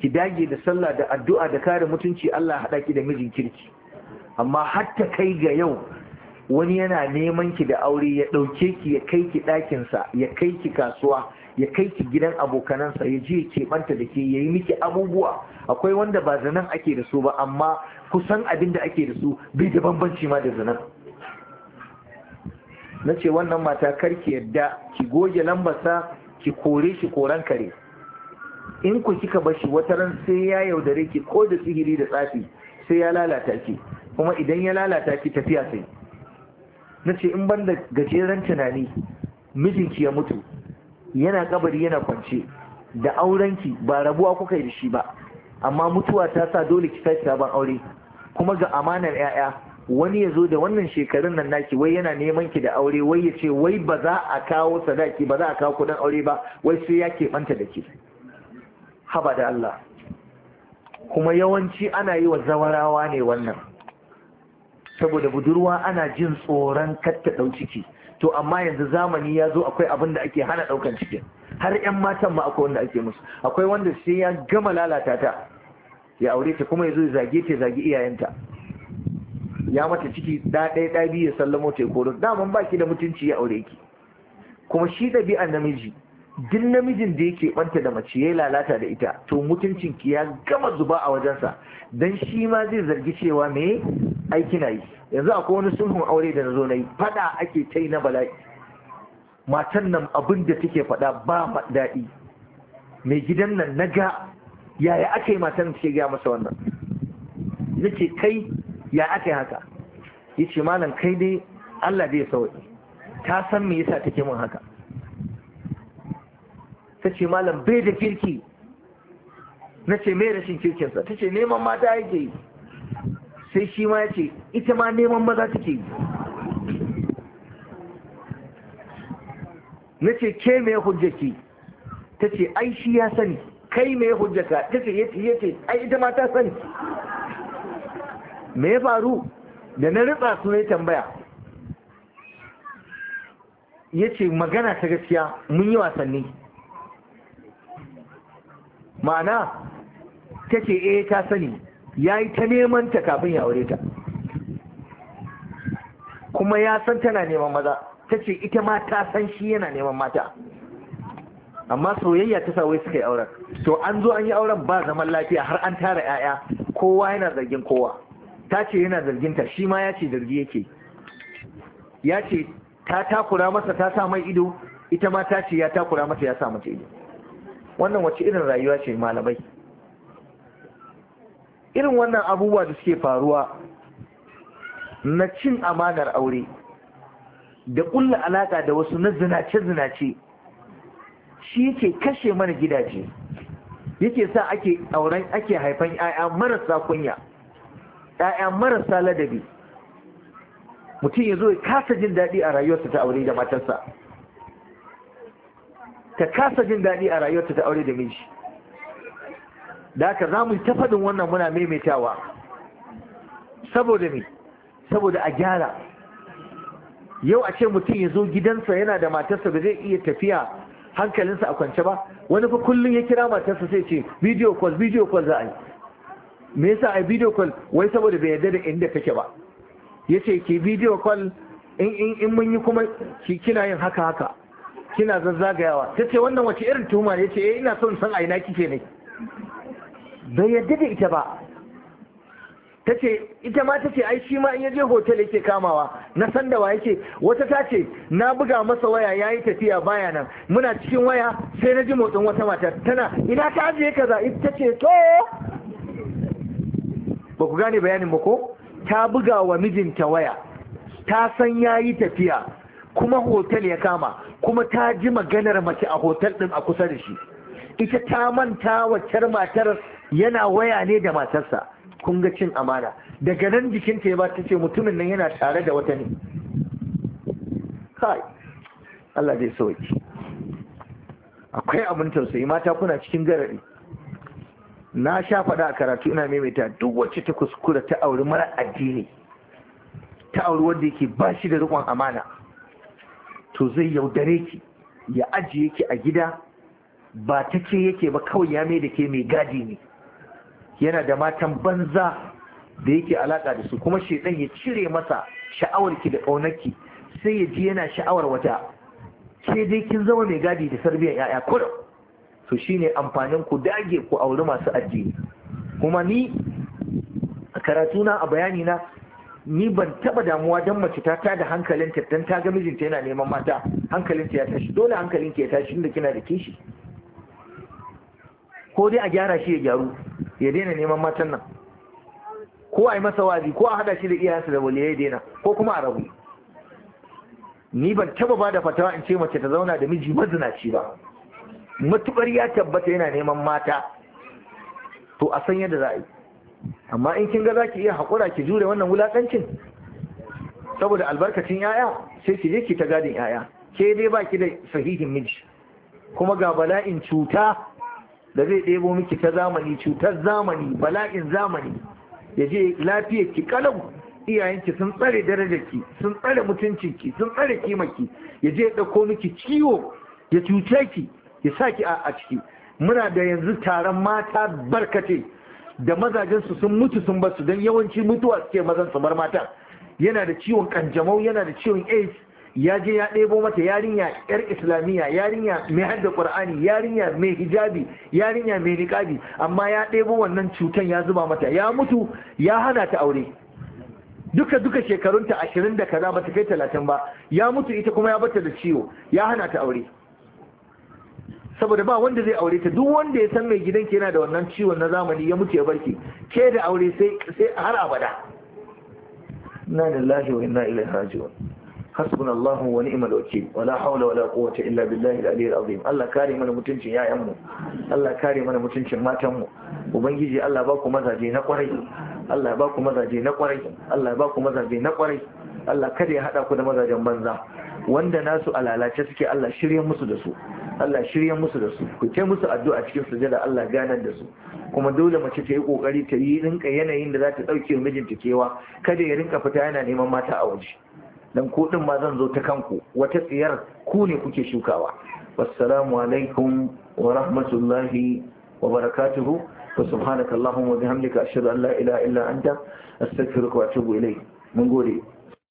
Speaker 1: ki dage da sallah da addu'a da kare mutunci Allah ya haɗa ki da mijin kirki amma hatta kai ga yau wani yana neman ki da aure ya ɗauke ki ya kai ki ɗakinsa ya kai ki kasuwa ya kai ki gidan abokanansa ya je ya keɓanta da ke yayi miki abubuwa akwai wanda ba zanen ake da su ba amma kusan abin da ake da su bai da bambanci ma da zanen na ce wannan mata karki yadda ki goge lambarsa ki kore shi koren kare in ku kika bashi wata ran sai ya yaudare ki ko da sihiri da tsafi sai ya lalata ki kuma idan ya lalata ki tafiya sai na ce in ban da gajeren tunani mijinki ya mutu yana kabari yana kwance da aurenki ba rabuwa kuka yi da shi ba amma mutuwa ta sa dole ki sake sabon aure kuma ga amanar 'ya'ya wani ya zo da wannan shekarun nan naki wai yana neman ki da aure wai ya ce wai ba za a kawo sadaki ba za a kawo kudin aure ba wai sai ya keɓanta da ke haba da Allah kuma yawanci ana yi wa zawarawa ne wannan saboda budurwa ana jin tsoron katta ɗau ciki to amma yanzu zamani ya zo akwai abin da ake hana ɗaukan ciki har 'yan matan ma akwai wanda ake musu akwai wanda sai ya gama lalata ta ya aure ta kuma ya zo ya zage ta zage iyayenta ya mata ciki da ɗaya ɗaya biyu ya sallamo ta da daman ba ki da mutunci ya aure ki kuma shi ɗabi'a namiji duk namijin da yake ɓanta da mace ya lalata da ita to mutuncin ki ya gama zuba a wajensa dan shi ma zai zargi cewa me aiki na yi yanzu akwai wani sulhun aure da na zo na yi faɗa ake ta na bala'i matan nan abin da take faɗa ba daɗi mai gidan nan na ga yaya aka yi matan take gaya masa wannan nace kai ya aka haka ya ce malam kai dai Allah dai sauki ta san me yasa take min haka ta ce malam bai da kirki na ce mai rashin kirkinsa ta ce neman mata yake yi sai shi ma ya ce ita ma neman maza take yi na ce ke mai hujjaki ta ce ai shi ya sani kai mai hujjaka ta ce ya ce ai ita ma ta sani me ya faru da na ritsa su ne tambaya ya ce magana ta gaskiya mun yi wasanni ma'ana ta ce eh ta sani ya yi ta neman ta kafin ya aure ta kuma ya san tana neman maza ta ce ita ma ta san shi yana neman mata amma soyayya ta sa wai suka yi auren to an zo an yi auren ba zaman lafiya har an tara 'ya'ya kowa yana zargin kowa ta ce yana zarginta shi ma ya ce zargi yake ya ce ta takura masa ta sa mai ido ita ma ta ce ya takura masa ya sa mata ido wannan wace irin rayuwa ce malamai irin wannan abubuwa da suke faruwa na cin amanar aure da ƙulla alaƙa da wasu na zinace-zinace shi yake kashe mana gidaje yake sa ake auren ake haifan 'ya'ya marasa kunya 'ya'ya marasa ladabi mutum ya zo ya kasa jin daɗi a rayuwarsa ta aure da matarsa ta kasa jin daɗi a rayuwarta ta aure da miji da aka za mu ta faɗin wannan muna maimaitawa saboda me saboda a gyara yau a ce mutum ya zo gidansa yana da matarsa ba zai iya tafiya hankalinsa a kwance ba wani fa kullum ya kira matarsa sai ce video call video call za a yi me yasa a video call wai saboda bai yarda da inda kake ba yace ki video call in in mun yi kuma ki kina yin haka haka kina zazzagayawa tace wannan wace irin tuhuma ne yace eh ina son san aina kike ne bai yarda da ita ba tace ita ma tace ai shi ma in yaje hotel yake kamawa na san da wa yake wata ta ce na buga masa waya yayi tafiya baya nan muna cikin waya sai na ji motsin wata mata tana ina ta ajiye kaza ita ce to ba ku gane bayanin ba ko ta buga wa mijinta waya ta san ya yi tafiya kuma hotel ya kama kuma ta ji maganar mace a hotel din a kusa da shi ita ta manta wa matar yana waya ne da matarsa kun ga cin amana daga nan jikinta ya ba ta ce mutumin nan yana tare da wata ne kai Allah zai sauki akwai abin tausayi mata kuna cikin garaɗi. na sha faɗa a karatu ina maimaita duk wacce ta kuskura ta auri mara addini ta auri wanda yake ba shi da riƙon amana to zai yaudare ki ya ajiye ki a gida ba ta ke yake ba kawai ya mai da ke mai gadi ne yana da matan banza da yake alaƙa da su kuma shaidan ya cire masa sha'awar ki da ƙaunarki sai ya ji yana sha'awar wata sai dai kin zama mai gadi da sarbiyan 'ya'ya kurum to shine amfanin ku dage ku auri masu addini kuma ni a karatuna a bayani na ni ban taba damuwa don mace ta tada hankalinta don ta ga mijinta yana neman mata hankalinta ya tashi dole hankalinta ya tashi inda kina da kishi ko dai a gyara shi ya gyaru ya daina neman matan nan ko a yi masa wazi ko a hada shi da iyayensa da wale ya daina ko kuma a rabu ni ban taba ba da fatawa in ce mace ta zauna da miji mazinaci ba matuƙar ya tabbata yana neman mata to a san yadda za a yi amma in kin ga za ki iya haƙura ki jure wannan wulaƙancin saboda albarkacin yaya sai ki je ki ta gadin yaya ke dai ba ki da sahihin miji kuma ga bala'in cuta da zai ɗebo miki ta zamani cutar zamani bala'in zamani ya je lafiyar ki kalau iyayenki sun tsare ki, sun tsare mutuncin ki, sun tsare kimaki ya je ya ɗauko miki ciwo ya cuce ki ya saki a ciki muna da yanzu taron mata barkate da mazajensu sun mutu sun basu don yawanci mutuwa suke mazan su bar mata yana da ciwon kanjamau yana da ciwon aids ya je ya ɗebo mata yarinya yar islamiyya yarinya mai hadda qur'ani yarinya mai hijabi yarinya mai niqabi amma ya ɗebo wannan cutan ya zuba mata ya mutu ya hana ta aure duka duka shekarunta ashirin da kaza ba ta kai talatin ba ya mutu ita kuma ya bata da ciwo ya hana ta aure saboda ba wanda zai aure ta duk wanda ya san mai gidan ke yana da wannan ciwon na zamani ya mutu ya barki ke da aure sai sai har abada inna lillahi wa inna ilaihi raji'un hasbunallahu wa ni'mal wakeel wala hawla wala quwwata illa billahi al-aliyyil azim Allah kare mana mutuncin yayan mu Allah kare mana mutuncin matanmu, ubangiji Allah ba ku mazaje na kwarai Allah ba ku mazaje na kwarai Allah ba ku mazaje na kwarai Allah kada ya hada ku da mazajen banza wanda nasu a lalace suke Allah shirya musu da su Allah musu da su ku ce musu addu'a cikin sujada Allah ganar da su kuma dole mace ta yi kokari ta yi rinka yanayin da za ta dauke mijinta kewa kada ya rinka fita yana neman mata a waje dan ko din ma zan zo ta kanku wata tsiyar ku ne kuke shukawa wassalamu alaikum wa rahmatullahi wa barakatuhu wa subhanaka allahumma wa bihamdika ashhadu an la ilaha illa anta astaghfiruka wa atubu ilayk mun gode